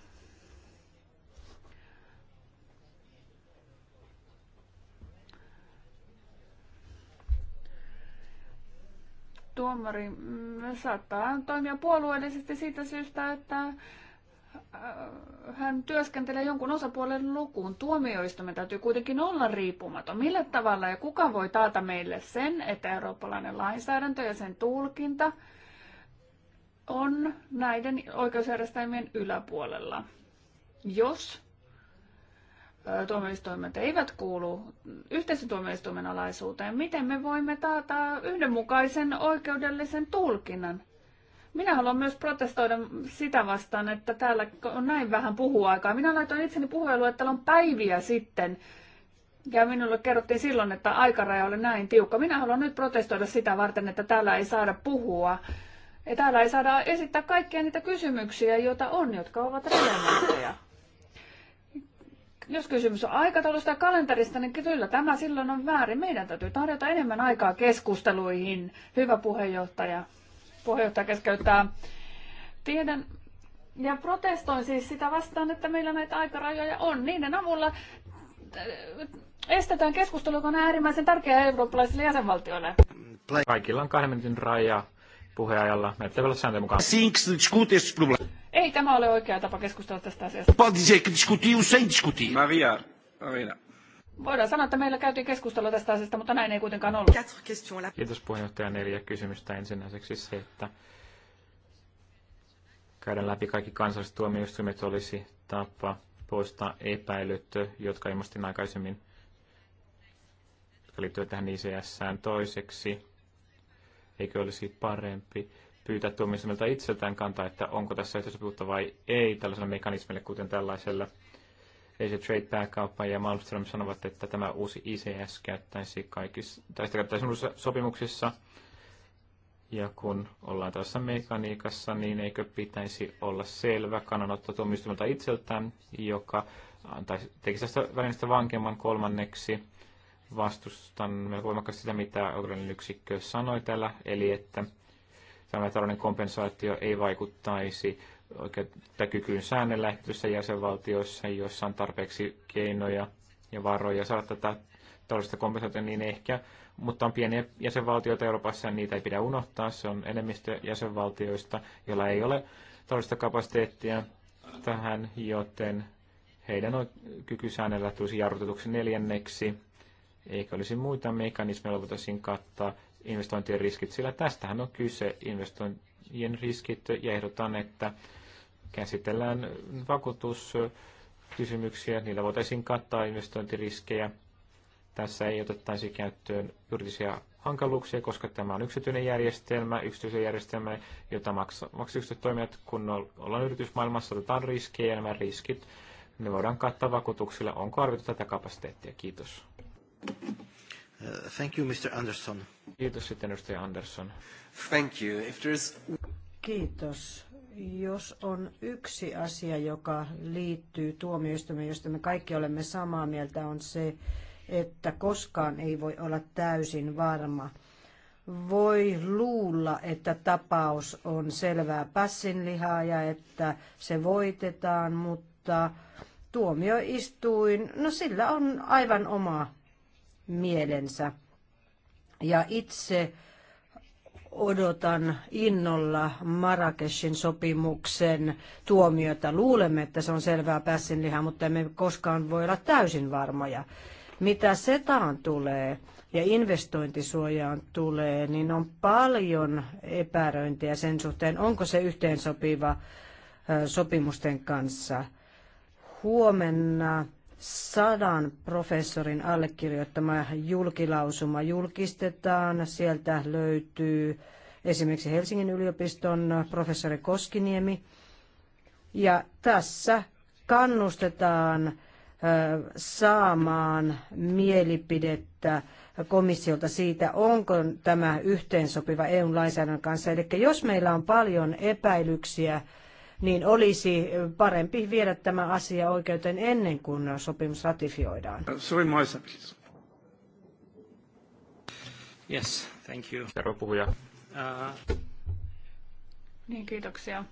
Tuomari mm, saattaa toimia puolueellisesti siitä syystä, että Äh, hän työskentelee jonkun osapuolen lukuun. Tuomioistuimen täytyy kuitenkin olla riippumaton. Millä tavalla ja kuka voi taata meille sen, että eurooppalainen lainsäädäntö ja sen tulkinta on näiden oikeusjärjestelmien yläpuolella? Jos äh, tuomioistuimet eivät kuulu yhteisötuomioistuimen alaisuuteen, miten me voimme taata yhdenmukaisen oikeudellisen tulkinnan? Minä haluan myös protestoida sitä vastaan, että täällä on näin vähän puhuaikaa. Minä laitoin itseni on päiviä sitten ja minulle kerrottiin silloin, että aikaraja oli näin tiukka. Minä haluan nyt protestoida sitä varten, että täällä ei saada puhua. Ja täällä ei saada esittää kaikkia niitä kysymyksiä, joita on, jotka ovat relevantteja. Jos kysymys on aikataulusta ja kalenterista, niin kyllä tämä silloin on väärin. Meidän täytyy tarjota enemmän aikaa keskusteluihin, hyvä puheenjohtaja. Puheenjohtaja keskeyttää. Tiedän ja protestoin siis sitä vastaan, että meillä näitä aikarajoja on. Niiden avulla äh, estetään keskustelu, joka on äärimmäisen tärkeä eurooppalaisille jäsenvaltioille.
Kaikilla on kahden minuutin raja puheajalla. Meidän pitää sääntöjen mukaan.
Ei tämä ole oikea tapa keskustella tästä asiasta.
Pode dizer que discutiu sem Maria,
Voidaan sanoa, että meillä käytiin keskustelua tästä asiasta, mutta näin ei kuitenkaan ollut.
Kiitos puheenjohtaja. Neljä kysymystä ensinnäiseksi se, että käydään läpi kaikki kansalliset tuomioistuimet olisi tapa poistaa epäilyt, jotka ilmastin aikaisemmin, liittyvät tähän ics toiseksi. Eikö olisi parempi pyytää tuomioistuimelta itseltään kantaa, että onko tässä yhteisöpuutta vai ei tällaisella mekanismille, kuten tällaisella Asia Trade pääkauppa ja Malmström sanovat, että tämä uusi ICS käyttäisi kaikissa, tai sitä käyttäisi sopimuksissa. Ja kun ollaan tässä mekaniikassa, niin eikö pitäisi olla selvä kannanotto tuomioistuimelta itseltään, joka antaisi, teki tästä välineestä vankemman kolmanneksi. Vastustan melko voimakkaasti sitä, mitä Ogrenin yksikkö sanoi täällä, eli että tämä talouden kompensaatio ei vaikuttaisi tätä kykyyn säännellä ehtyissä jäsenvaltioissa, joissa on tarpeeksi keinoja ja varoja saada tätä taloudellista kompensaatiota, niin ehkä, mutta on pieniä jäsenvaltioita Euroopassa, niitä ei pidä unohtaa. Se on enemmistö jäsenvaltioista, joilla ei ole taloudellista kapasiteettia tähän, joten heidän säännellä tulisi jarrutetuksi neljänneksi, eikä olisi muita mekanismeja, joilla voitaisiin kattaa investointien riskit, sillä tästähän on kyse investointien riskit, ja ehdotan, että käsitellään vakuutuskysymyksiä, niillä voitaisiin kattaa investointiriskejä. Tässä ei otettaisi käyttöön juridisia hankaluuksia, koska tämä on yksityinen järjestelmä, yksityisen järjestelmä, jota maksavat yksityiset toimijat, kun ollaan yritysmaailmassa, otetaan riskejä ja nämä riskit, ne voidaan kattaa vakuutuksilla. Onko arvioitu tätä kapasiteettia? Kiitos. Uh, thank you, Mr. Anderson. Kiitos sitten edustaja Anderson. Thank you. If there is...
Kiitos jos on yksi asia, joka liittyy tuomioistuimeen, josta me kaikki olemme samaa mieltä, on se, että koskaan ei voi olla täysin varma. Voi luulla, että tapaus on selvää passinlihaa ja että se voitetaan, mutta tuomioistuin, no sillä on aivan oma mielensä. Ja itse odotan innolla Marrakeshin sopimuksen tuomiota. Luulemme, että se on selvää pässinlihaa, mutta emme koskaan voi olla täysin varmoja. Mitä setaan tulee ja investointisuojaan tulee, niin on paljon epäröintiä sen suhteen, onko se yhteensopiva sopimusten kanssa. Huomenna sadan professorin allekirjoittama julkilausuma julkistetaan. Sieltä löytyy esimerkiksi Helsingin yliopiston professori Koskiniemi. Ja tässä kannustetaan saamaan mielipidettä komissiolta siitä, onko tämä yhteensopiva EU-lainsäädännön kanssa. Eli jos meillä on paljon epäilyksiä niin olisi parempi viedä tämä asia oikeuteen ennen kuin sopimus ratifioidaan.
Sorry, Moisa, please.
Yes, thank you. Herra puhuja.
Uh... Niin, kiitoksia.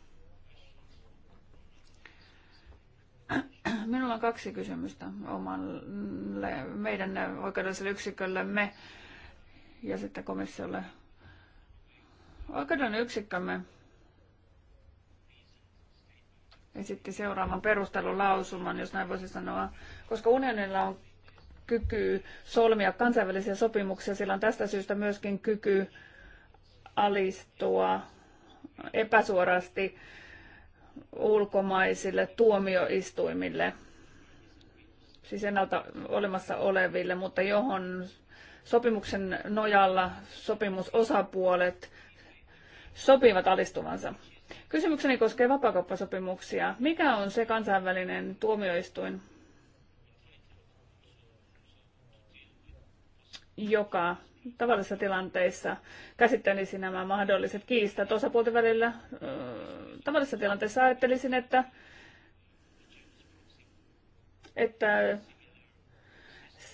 Minulla on kaksi kysymystä omalle, meidän oikeudelliselle yksiköllemme ja sitten komissiolle. Oikeudellinen yksikkömme esitti seuraavan perustelulausuman, jos näin voisi sanoa, koska unionilla on kyky solmia kansainvälisiä sopimuksia, sillä on tästä syystä myöskin kyky alistua epäsuorasti ulkomaisille tuomioistuimille, siis ennalta olemassa oleville, mutta johon sopimuksen nojalla sopimusosapuolet sopivat alistuvansa. Kysymykseni koskee vapakauppasopimuksia. Mikä on se kansainvälinen tuomioistuin, joka tavallisissa tilanteissa käsittelisi nämä mahdolliset kiistat osapuolten välillä. Tavallisissa tilanteissa ajattelisin, että, että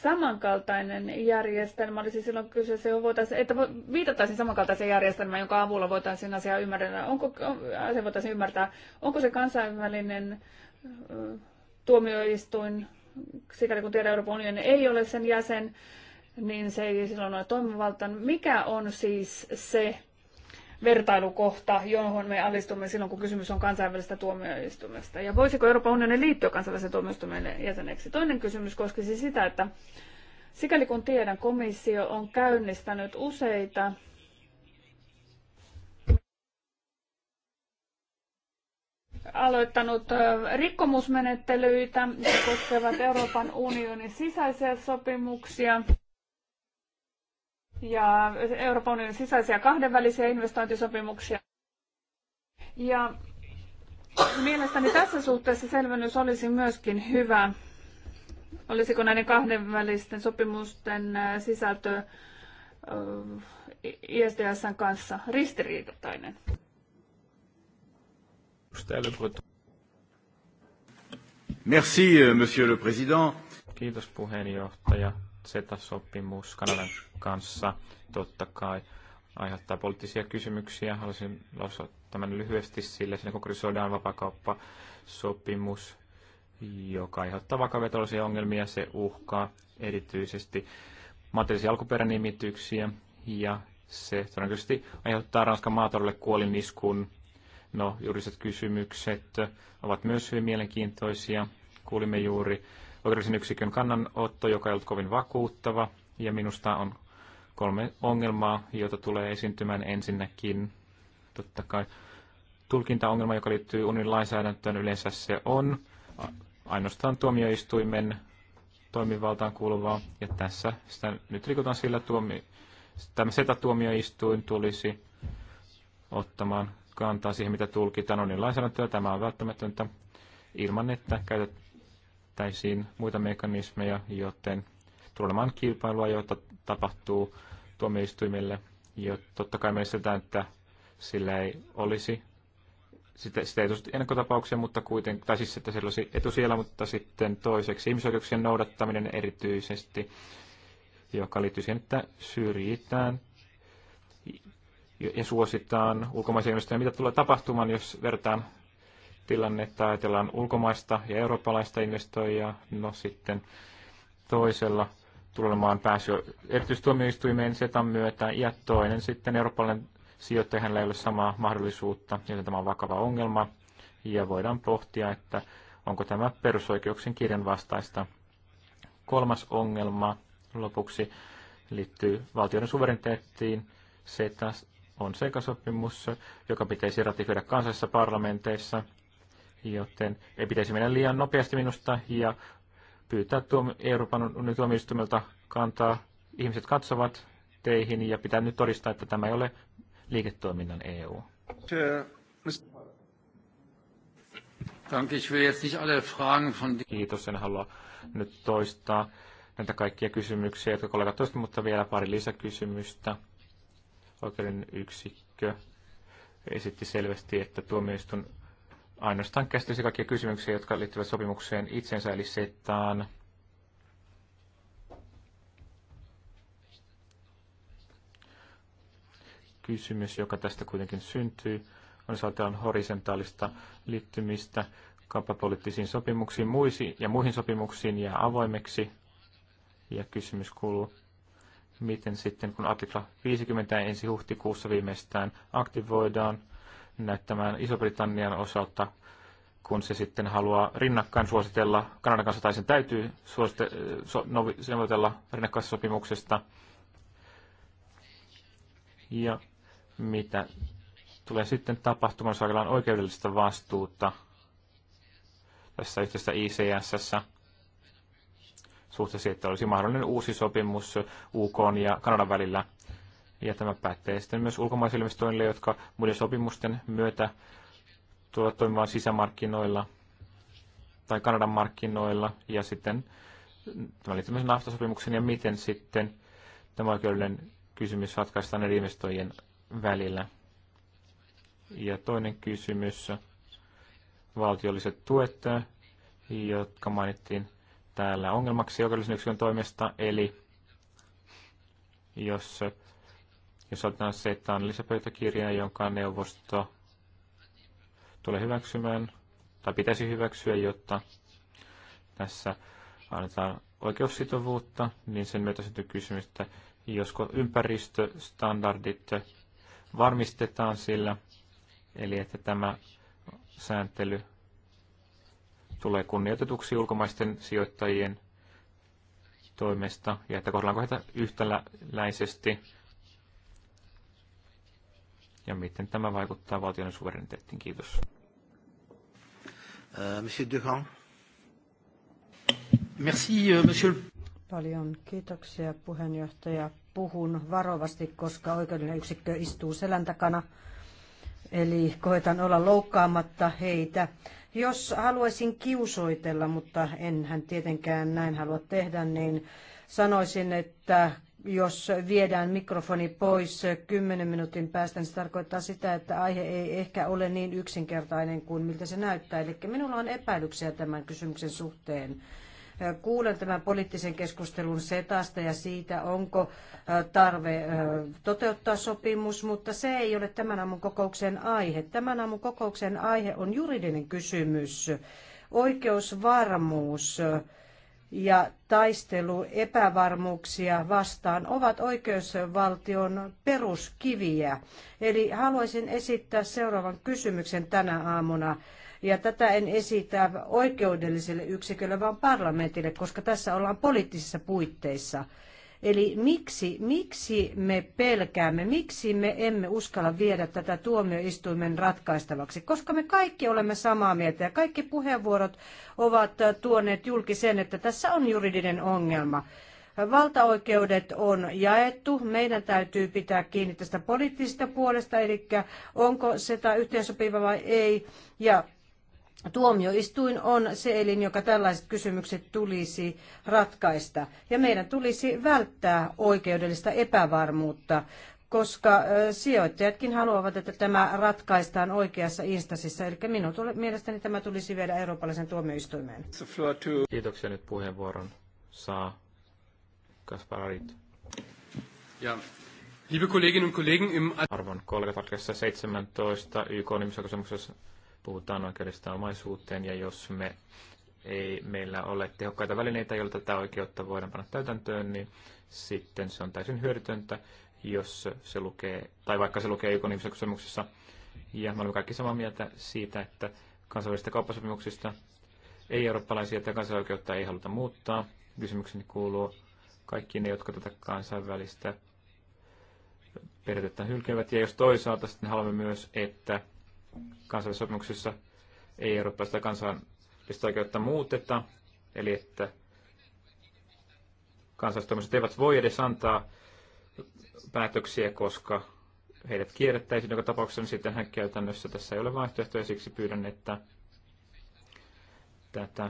samankaltainen järjestelmä olisi silloin kyseessä, johon voitaisiin, että viitattaisiin samankaltaiseen järjestelmään, jonka avulla voitaisiin asiaa ymmärtää. Onko, asia voitaisiin ymmärtää, onko se kansainvälinen tuomioistuin, sikäli kun tiedä Euroopan unioni ei ole sen jäsen, niin se ei silloin ole toimivalta. Mikä on siis se vertailukohta, johon me alistumme silloin, kun kysymys on kansainvälistä tuomioistuimesta. Ja voisiko Euroopan unioni liittyä kansainvälisen tuomioistuimen jäseneksi? Toinen kysymys koskisi sitä, että sikäli kun tiedän, komissio on käynnistänyt useita aloittanut rikkomusmenettelyitä, jotka koskevat Euroopan unionin sisäisiä sopimuksia ja Euroopan unionin sisäisiä kahdenvälisiä investointisopimuksia. Ja mielestäni tässä suhteessa selvennys olisi myöskin hyvä. Olisiko näiden kahdenvälisten sopimusten äh, sisältö äh, ISDSn kanssa ristiriitainen?
Merci, euh, monsieur le président. Kiitos puheenjohtaja. CETA-sopimus Kanadan kanssa totta kai aiheuttaa poliittisia kysymyksiä. Haluaisin lausua tämän lyhyesti, sillä siinä konkretisoidaan vapakauppasopimus, joka aiheuttaa vakavia taloudellisia ongelmia. Se uhkaa erityisesti materiaalisia alkuperänimityksiä ja se todennäköisesti aiheuttaa Ranskan maataloudelle kuoliniskun. No, juridiset kysymykset ovat myös hyvin mielenkiintoisia. Kuulimme juuri oikeudellisen yksikön kannanotto, joka ei ollut kovin vakuuttava, ja minusta on kolme ongelmaa, joita tulee esiintymään ensinnäkin. Totta kai tulkintaongelma, joka liittyy unionin lainsäädäntöön, yleensä se on ainoastaan tuomioistuimen toimivaltaan kuuluvaa, ja tässä sitä nyt rikotaan sillä, tuomi, tämä SETA-tuomioistuin tulisi ottamaan kantaa siihen, mitä tulkitaan unionin lainsäädäntöä. Tämä on välttämätöntä ilman, että käytetään käytettäisiin muita mekanismeja, joten tulemaan kilpailua, jota tapahtuu tuomioistuimille. Ja totta kai me esitetään, että sillä ei olisi sitä, sitä ei tosiaan ennakkotapauksia, mutta kuitenkin, tai siis että siellä olisi etusijalla, mutta sitten toiseksi ihmisoikeuksien noudattaminen erityisesti, joka liittyy siihen, että syrjitään ja suositaan ulkomaisia ihmisiä, mitä tulee tapahtumaan, jos vertaan tilannetta, ajatellaan ulkomaista ja eurooppalaista investoijaa, no sitten toisella tulemaan pääsy erityistuomioistuimeen setan myötä ja toinen sitten eurooppalainen sijoittaja, hänellä ei ole samaa mahdollisuutta, joten tämä on vakava ongelma ja voidaan pohtia, että onko tämä perusoikeuksien kirjan vastaista. Kolmas ongelma lopuksi liittyy valtioiden suvereniteettiin. Se, että on sekasopimus, joka pitäisi ratifioida kansallisissa parlamenteissa – joten ei pitäisi mennä liian nopeasti minusta ja pyytää tuom- Euroopan unionin tuomioistuimelta kantaa. Ihmiset katsovat teihin ja pitää nyt todistaa, että tämä ei ole liiketoiminnan EU. Kiitos, en halua nyt toistaa näitä kaikkia kysymyksiä, jotka kollegat toista, mutta vielä pari lisäkysymystä. Oikeuden yksikkö esitti selvästi, että tuomioistuin ainoastaan käsittelisi kaikkia kysymyksiä, jotka liittyvät sopimukseen itsensä, eli setaan. Kysymys, joka tästä kuitenkin syntyy, on saatellaan horisontaalista liittymistä kauppapoliittisiin sopimuksiin muisi, ja muihin sopimuksiin ja avoimeksi. Ja kysymys kuuluu, miten sitten kun artikla 50 ensi huhtikuussa viimeistään aktivoidaan, näyttämään Iso-Britannian osalta, kun se sitten haluaa rinnakkain suositella, Kanadan kanssa tai sen täytyy suosite, so, novi, sopimuksesta. Ja mitä tulee sitten tapahtumaan, jos oikeudellista vastuuta tässä yhteisessä ICSS suhteessa, että olisi mahdollinen uusi sopimus UK ja Kanadan välillä – ja tämä pätee sitten myös ulkomaisille jotka muiden sopimusten myötä tulevat toimimaan sisämarkkinoilla tai Kanadan markkinoilla. Ja sitten tämä liittyy myös naftasopimuksen ja miten sitten tämä oikeudellinen kysymys ratkaistaan eri investoijien välillä. Ja toinen kysymys, valtiolliset tuet, jotka mainittiin täällä ongelmaksi oikeudellisen yksikön toimesta, eli jos ja otetaan se, että on lisäpöytäkirja, jonka neuvosto tulee hyväksymään tai pitäisi hyväksyä, jotta tässä annetaan oikeussitovuutta, niin sen myötä syntyy kysymys, että josko ympäristöstandardit varmistetaan sillä, eli että tämä sääntely tulee kunnioitetuksi ulkomaisten sijoittajien toimesta ja että kohdellaanko heitä yhtäläisesti ja miten tämä vaikuttaa valtion suvereniteettiin. Kiitos. Äh, monsieur Duhan.
Merci,
euh, monsieur. Paljon kiitoksia puheenjohtaja. Puhun varovasti, koska oikeudellinen yksikkö istuu selän takana. Eli koetan olla loukkaamatta heitä. Jos haluaisin kiusoitella, mutta enhän tietenkään näin halua tehdä, niin sanoisin, että jos viedään mikrofoni pois 10 minuutin päästä, niin se tarkoittaa sitä, että aihe ei ehkä ole niin yksinkertainen kuin miltä se näyttää. Eli minulla on epäilyksiä tämän kysymyksen suhteen. Kuulen tämän poliittisen keskustelun setasta ja siitä, onko tarve toteuttaa sopimus, mutta se ei ole tämän aamun kokouksen aihe. Tämän aamun kokouksen aihe on juridinen kysymys, oikeusvarmuus, ja taistelu epävarmuuksia vastaan ovat oikeusvaltion peruskiviä. Eli haluaisin esittää seuraavan kysymyksen tänä aamuna. Ja tätä en esitä oikeudelliselle yksikölle, vaan parlamentille, koska tässä ollaan poliittisissa puitteissa. Eli miksi, miksi me pelkäämme, miksi me emme uskalla viedä tätä tuomioistuimen ratkaistavaksi, koska me kaikki olemme samaa mieltä ja kaikki puheenvuorot ovat äh, tuoneet julki sen, että tässä on juridinen ongelma. Valtaoikeudet on jaettu. Meidän täytyy pitää kiinni tästä poliittisesta puolesta, eli onko se tämä yhteensopiva vai ei. Ja Tuomioistuin on se elin, joka tällaiset kysymykset tulisi ratkaista. Ja meidän tulisi välttää oikeudellista epävarmuutta, koska sijoittajatkin haluavat, että tämä ratkaistaan oikeassa instanssissa. Eli minun tuli, mielestäni tämä tulisi viedä eurooppalaisen tuomioistuimeen.
Kiitoksia nyt puheenvuoron. Saa Kasparit. Ja. Liebe Kolleginnen und Kollegen, im... Arvon kollegat, 17 YK-nimisopimuksessa puhutaan oikeudesta omaisuuteen, ja jos me ei meillä ole tehokkaita välineitä, joilla tätä oikeutta voidaan panna täytäntöön, niin sitten se on täysin hyödytöntä, jos se lukee, tai vaikka se lukee YK sopimuksessa. Ja me olemme kaikki samaa mieltä siitä, että kansainvälisistä kauppasopimuksista ei-eurooppalaisia tai kansainvälisoikeutta ei haluta muuttaa. Kysymykseni kuuluu kaikki ne, jotka tätä kansainvälistä periaatetta hylkevät. Ja jos toisaalta sitten haluamme myös, että kansallisopimuksissa ei eurooppalaista kansallista oikeutta muuteta, eli että kansallistoimiset eivät voi edes antaa päätöksiä, koska heidät kierrettäisiin joka tapauksessa, niin sittenhän käytännössä tässä ei ole vaihtoehtoja, siksi pyydän, että tätä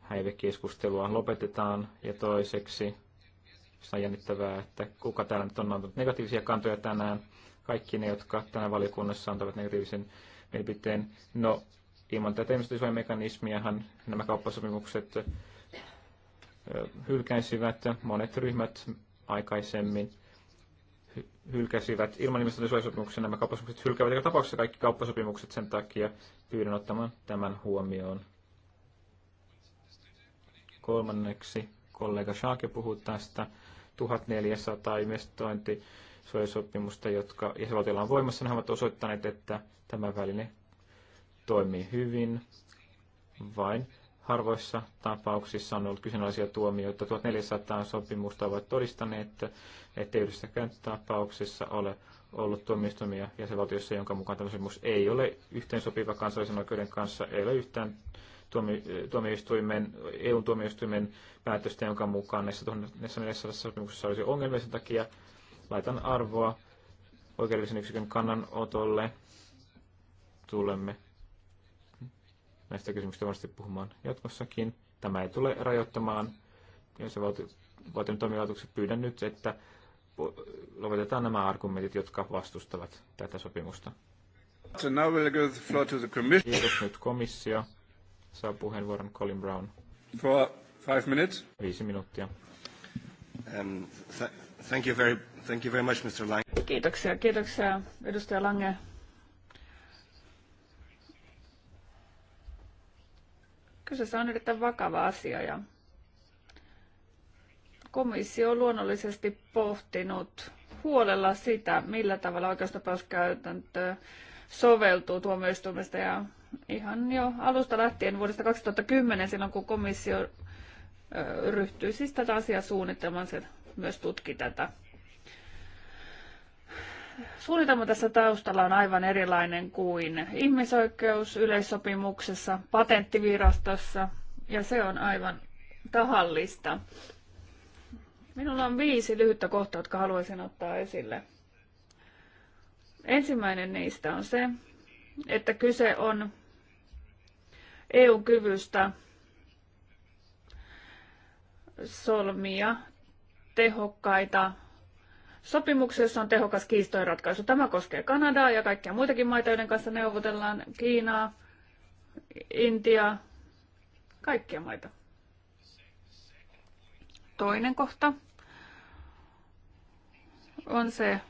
häivekeskustelua lopetetaan. Ja toiseksi, se on jännittävää, että kuka täällä nyt on antanut negatiivisia kantoja tänään kaikki ne, jotka tänä valiokunnassa antavat negatiivisen mielipiteen. No, ilman tätä mekanismiahan, nämä kauppasopimukset hylkäisivät monet ryhmät aikaisemmin hylkäsivät ilman investointisuojasopimuksen nämä kauppasopimukset hylkäävät joka tapauksessa kaikki kauppasopimukset sen takia pyydän ottamaan tämän huomioon. Kolmanneksi kollega Schaake puhuu tästä 1400 investointi suojasopimusta, jotka jäsenvaltioilla on voimassa, ne ovat osoittaneet, että tämä väline toimii hyvin. Vain harvoissa tapauksissa on ollut kyseenalaisia tuomioita. 1400 sopimusta ovat todistaneet, että yhdessäkään tapauksessa ole ollut tuomioistuimia jäsenvaltiossa, jonka mukaan tämä sopimus ei ole yhteensopiva kansallisen oikeuden kanssa, ei ole yhtään tuomioistuimen, eu tuomioistuimen päätöstä, jonka mukaan näissä 1400 sopimuksessa olisi ongelmia sen takia laitan arvoa oikeudellisen yksikön kannanotolle. Tulemme näistä kysymyksistä varmasti puhumaan jatkossakin. Tämä ei tule rajoittamaan, jos valtion toimivaltuukset pyydän nyt, että lopetetaan nämä argumentit, jotka vastustavat tätä sopimusta.
So now we'll give the floor
to the commission. Kiitos nyt komissio. Saa puheenvuoron Colin Brown. For five minutes. Viisi minuuttia. Um, th- Thank you very, thank you very much,
Mr. Lange. Kiitoksia, kiitoksia, edustaja Lange. Kyseessä on erittäin vakava asia ja komissio on luonnollisesti pohtinut huolella sitä, millä tavalla oikeustapauskäytäntö soveltuu tuomioistuimesta ja ihan jo alusta lähtien vuodesta 2010 silloin, kun komissio ryhtyi siis tätä asiaa suunnittelemaan, se myös tutki tätä. Suunnitelma tässä taustalla on aivan erilainen kuin ihmisoikeus yleissopimuksessa, patenttivirastossa, ja se on aivan tahallista. Minulla on viisi lyhyttä kohtaa, jotka haluaisin ottaa esille. Ensimmäinen niistä on se, että kyse on EU-kyvystä solmia tehokkaita Sopimuksessa on tehokas kiistojen ratkaisu. Tämä koskee Kanadaa ja kaikkia muitakin maita, joiden kanssa neuvotellaan, Kiinaa, Intiaa, kaikkia maita. Toinen kohta on se,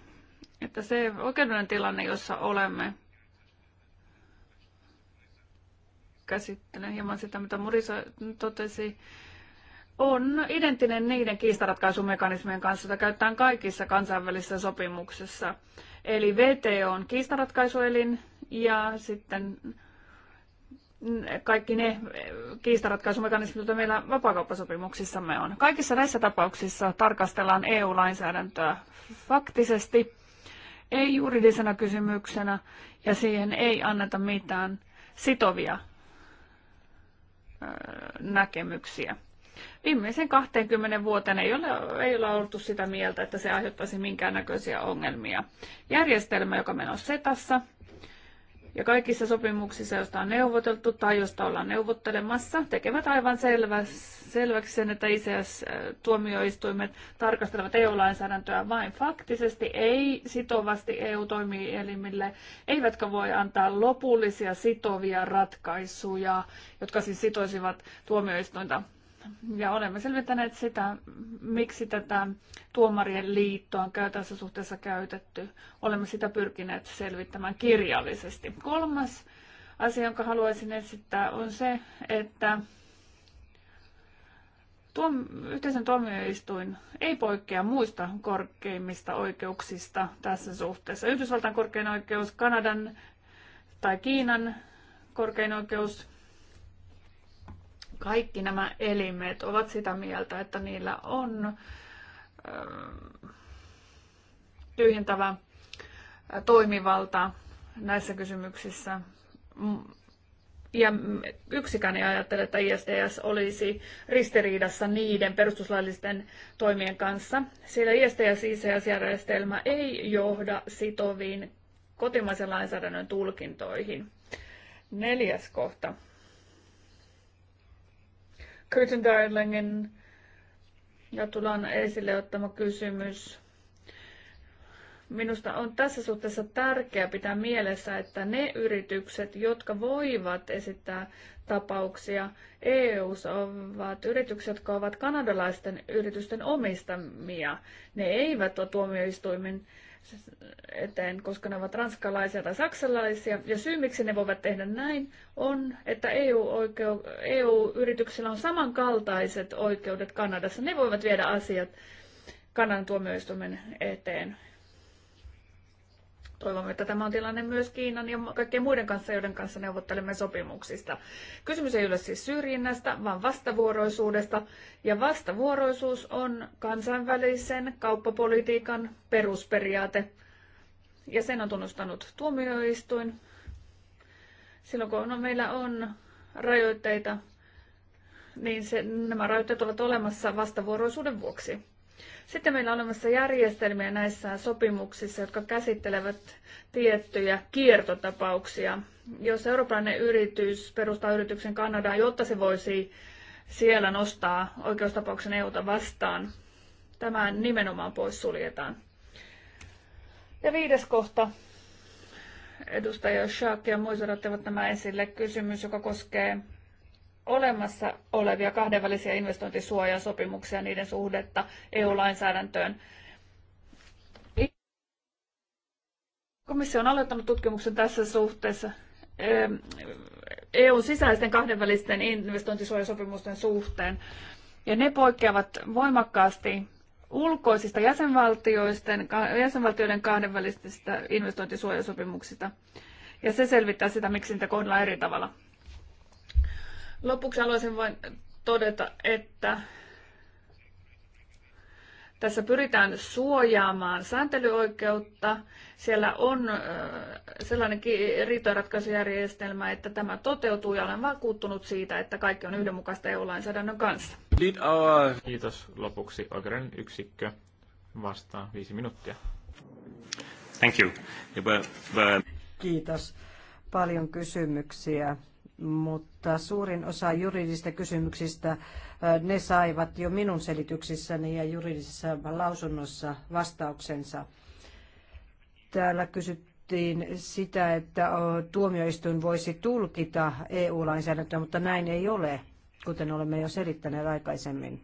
että se oikeudellinen tilanne, jossa olemme, käsittelen hieman sitä, mitä Murisa totesi, on identtinen niiden kiistaratkaisumekanismien kanssa, jota käytetään kaikissa kansainvälisissä sopimuksissa. Eli VTO on kiistaratkaisuelin ja sitten kaikki ne kiistaratkaisumekanismit, joita meillä vapaakauppasopimuksissamme on. Kaikissa näissä tapauksissa tarkastellaan EU-lainsäädäntöä faktisesti, ei juridisena kysymyksenä ja siihen ei anneta mitään sitovia näkemyksiä. Viimeisen 20 vuoteen ei ole, ei ole oltu sitä mieltä, että se aiheuttaisi minkäännäköisiä ongelmia. Järjestelmä, joka meillä on setassa, ja kaikissa sopimuksissa, joista on neuvoteltu tai josta ollaan neuvottelemassa, tekevät aivan selvä, selväksi sen, että ICS-tuomioistuimet tarkastelevat EU-lainsäädäntöä vain faktisesti, ei sitovasti EU-toimielimille, eivätkä voi antaa lopullisia sitovia ratkaisuja, jotka siis sitoisivat tuomioistuinta ja olemme selvittäneet sitä, miksi tätä tuomarien liittoa on käytännössä suhteessa käytetty. Olemme sitä pyrkineet selvittämään kirjallisesti. Kolmas asia, jonka haluaisin esittää, on se, että tuom- yhteisen tuomioistuin ei poikkea muista korkeimmista oikeuksista tässä suhteessa. Yhdysvaltain korkein oikeus, Kanadan tai Kiinan korkein oikeus kaikki nämä elimet ovat sitä mieltä, että niillä on ähm, tyhjentävä äh, toimivalta näissä kysymyksissä. Ja yksikään ei ajattele, että ISDS olisi ristiriidassa niiden perustuslaillisten toimien kanssa, sillä ISDS-ICS-järjestelmä ei johda sitoviin kotimaisen lainsäädännön tulkintoihin. Neljäs kohta. Curtin Darlingin ja tullaan esille ottama kysymys. Minusta on tässä suhteessa tärkeää pitää mielessä, että ne yritykset, jotka voivat esittää tapauksia eu ovat yritykset, jotka ovat kanadalaisten yritysten omistamia. Ne eivät ole tuomioistuimen eteen, koska ne ovat ranskalaisia tai saksalaisia. Ja syy, miksi ne voivat tehdä näin, on, että e EU-yrityksillä e on samankaltaiset oikeudet Kanadassa. Ne voivat viedä asiat Kanadan tuomioistuimen eteen. Toivomme, että tämä on tilanne myös Kiinan ja kaikkien muiden kanssa, joiden kanssa neuvottelemme sopimuksista. Kysymys ei ole siis syrjinnästä, vaan vastavuoroisuudesta. Ja vastavuoroisuus on kansainvälisen kauppapolitiikan perusperiaate. Ja sen on tunnustanut tuomioistuin. Silloin kun no, meillä on rajoitteita, niin se, nämä rajoitteet ovat olemassa vastavuoroisuuden vuoksi. Sitten meillä on olemassa järjestelmiä näissä sopimuksissa, jotka käsittelevät tiettyjä kiertotapauksia. Jos eurooppalainen yritys perustaa yrityksen Kanadaan, jotta se voisi siellä nostaa oikeustapauksen EUta vastaan, tämä nimenomaan pois suljetaan. Ja viides kohta. Edustaja Schaak ja muistutattivat nämä esille. Kysymys, joka koskee olemassa olevia kahdenvälisiä investointisuojasopimuksia ja niiden suhdetta EU-lainsäädäntöön. Komissio on aloittanut tutkimuksen tässä suhteessa EUn e sisäisten kahdenvälisten investointisuojasopimusten suhteen. Ja ne poikkeavat voimakkaasti ulkoisista jäsenvaltioisten jäsenvaltioiden kahdenvälisistä investointisuojasopimuksista. Ja se selvittää sitä, miksi niitä kohdellaan eri tavalla. Lopuksi haluaisin vain todeta, että tässä pyritään suojaamaan sääntelyoikeutta. Siellä on sellainen riitojenratkaisujärjestelmä, että tämä toteutuu ja olen vakuuttunut siitä, että kaikki on yhdenmukaista EU-lainsäädännön kanssa.
Kiitos. Lopuksi oikeuden yksikkö vastaa viisi minuuttia. Thank you.
Kiitos. Paljon kysymyksiä mutta suurin osa juridisista kysymyksistä ne saivat jo minun selityksissäni ja juridisessa lausunnossa vastauksensa. Täällä kysyttiin sitä, että tuomioistuin voisi tulkita EU-lainsäädäntöä, mutta näin ei ole, kuten olemme jo selittäneet aikaisemmin.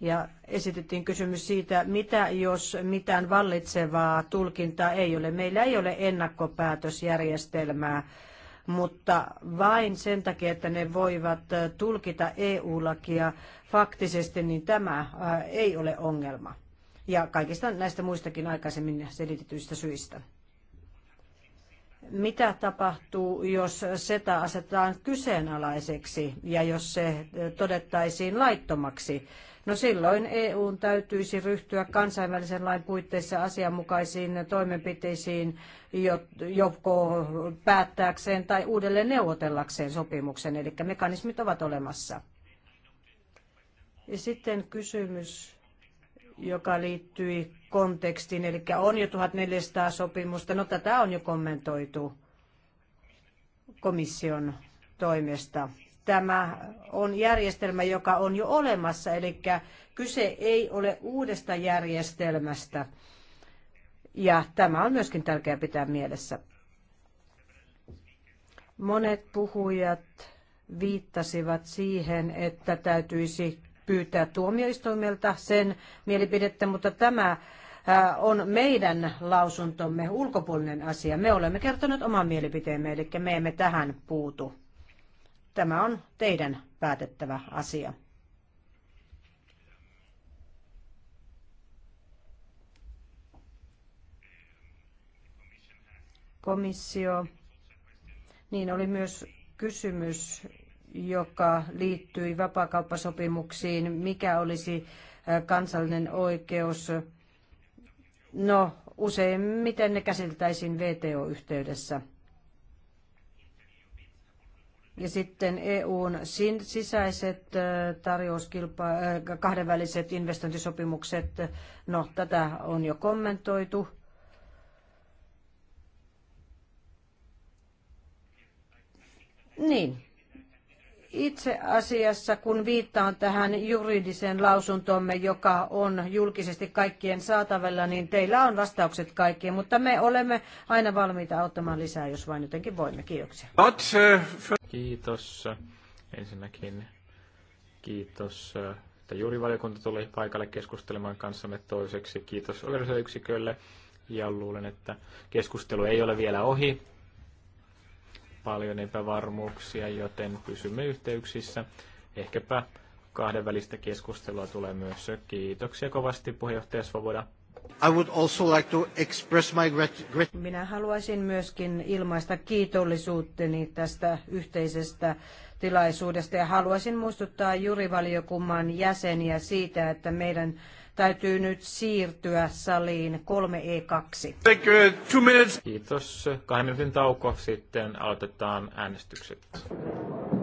Ja esitettiin kysymys siitä, mitä jos mitään vallitsevaa tulkintaa ei ole. Meillä ei ole ennakkopäätösjärjestelmää mutta vain sen takia, että ne voivat tulkita EU-lakia faktisesti, niin tämä ei ole ongelma. Ja kaikista näistä muistakin aikaisemmin selitetyistä syistä. Mitä tapahtuu, jos SETA asetetaan kyseenalaiseksi ja jos se todettaisiin laittomaksi? No silloin EUn täytyisi ryhtyä kansainvälisen lain puitteissa asianmukaisiin toimenpiteisiin, joko päättääkseen tai uudelleen neuvotellakseen sopimuksen, eli mekanismit ovat olemassa. Ja sitten kysymys, joka liittyi kontekstiin, eli on jo 1400 sopimusta. No tätä on jo kommentoitu komission toimesta tämä on järjestelmä, joka on jo olemassa, eli kyse ei ole uudesta järjestelmästä. Ja tämä on myöskin tärkeää pitää mielessä. Monet puhujat viittasivat siihen, että täytyisi pyytää tuomioistuimelta sen mielipidettä, mutta tämä äh, on meidän lausuntomme ulkopuolinen asia. Me olemme kertoneet oman mielipiteemme, eli me emme tähän puutu. Tämä on teidän päätettävä asia. Komissio. Niin oli myös kysymys, joka liittyi vapaakauppasopimuksiin. Mikä olisi kansallinen oikeus? No, useimmiten ne käsiteltäisiin VTO-yhteydessä. Ja sitten EUn sisäiset tarjouskilpa- kahdenväliset investointisopimukset, no tätä on jo kommentoitu. Niin, itse asiassa, kun viittaan tähän juridiseen lausuntomme, joka on julkisesti kaikkien saatavilla, niin teillä on vastaukset kaikkiin, mutta me olemme aina valmiita auttamaan lisää, jos vain jotenkin voimme. Kiitoksia.
Uh, kiitos. Ensinnäkin kiitos, uh, että juurivaliokunta tuli paikalle keskustelemaan kanssamme toiseksi. Kiitos oikeudelliselle yksikölle ja luulen, että keskustelu ei ole vielä ohi paljon epävarmuuksia, joten pysymme yhteyksissä. Ehkäpä kahdenvälistä keskustelua tulee myös. Kiitoksia kovasti puheenjohtaja Svoboda. I would also like to express my grat-
Minä haluaisin myöskin ilmaista kiitollisuutteni tästä yhteisestä tilaisuudesta ja haluaisin muistuttaa jurivaliokunnan jäseniä siitä, että meidän täytyy nyt siirtyä saliin 3E2. E
Take, uh, two minutes. Kiitos. Kahden minuutin tauko, sitten
aloitetaan äänestykset.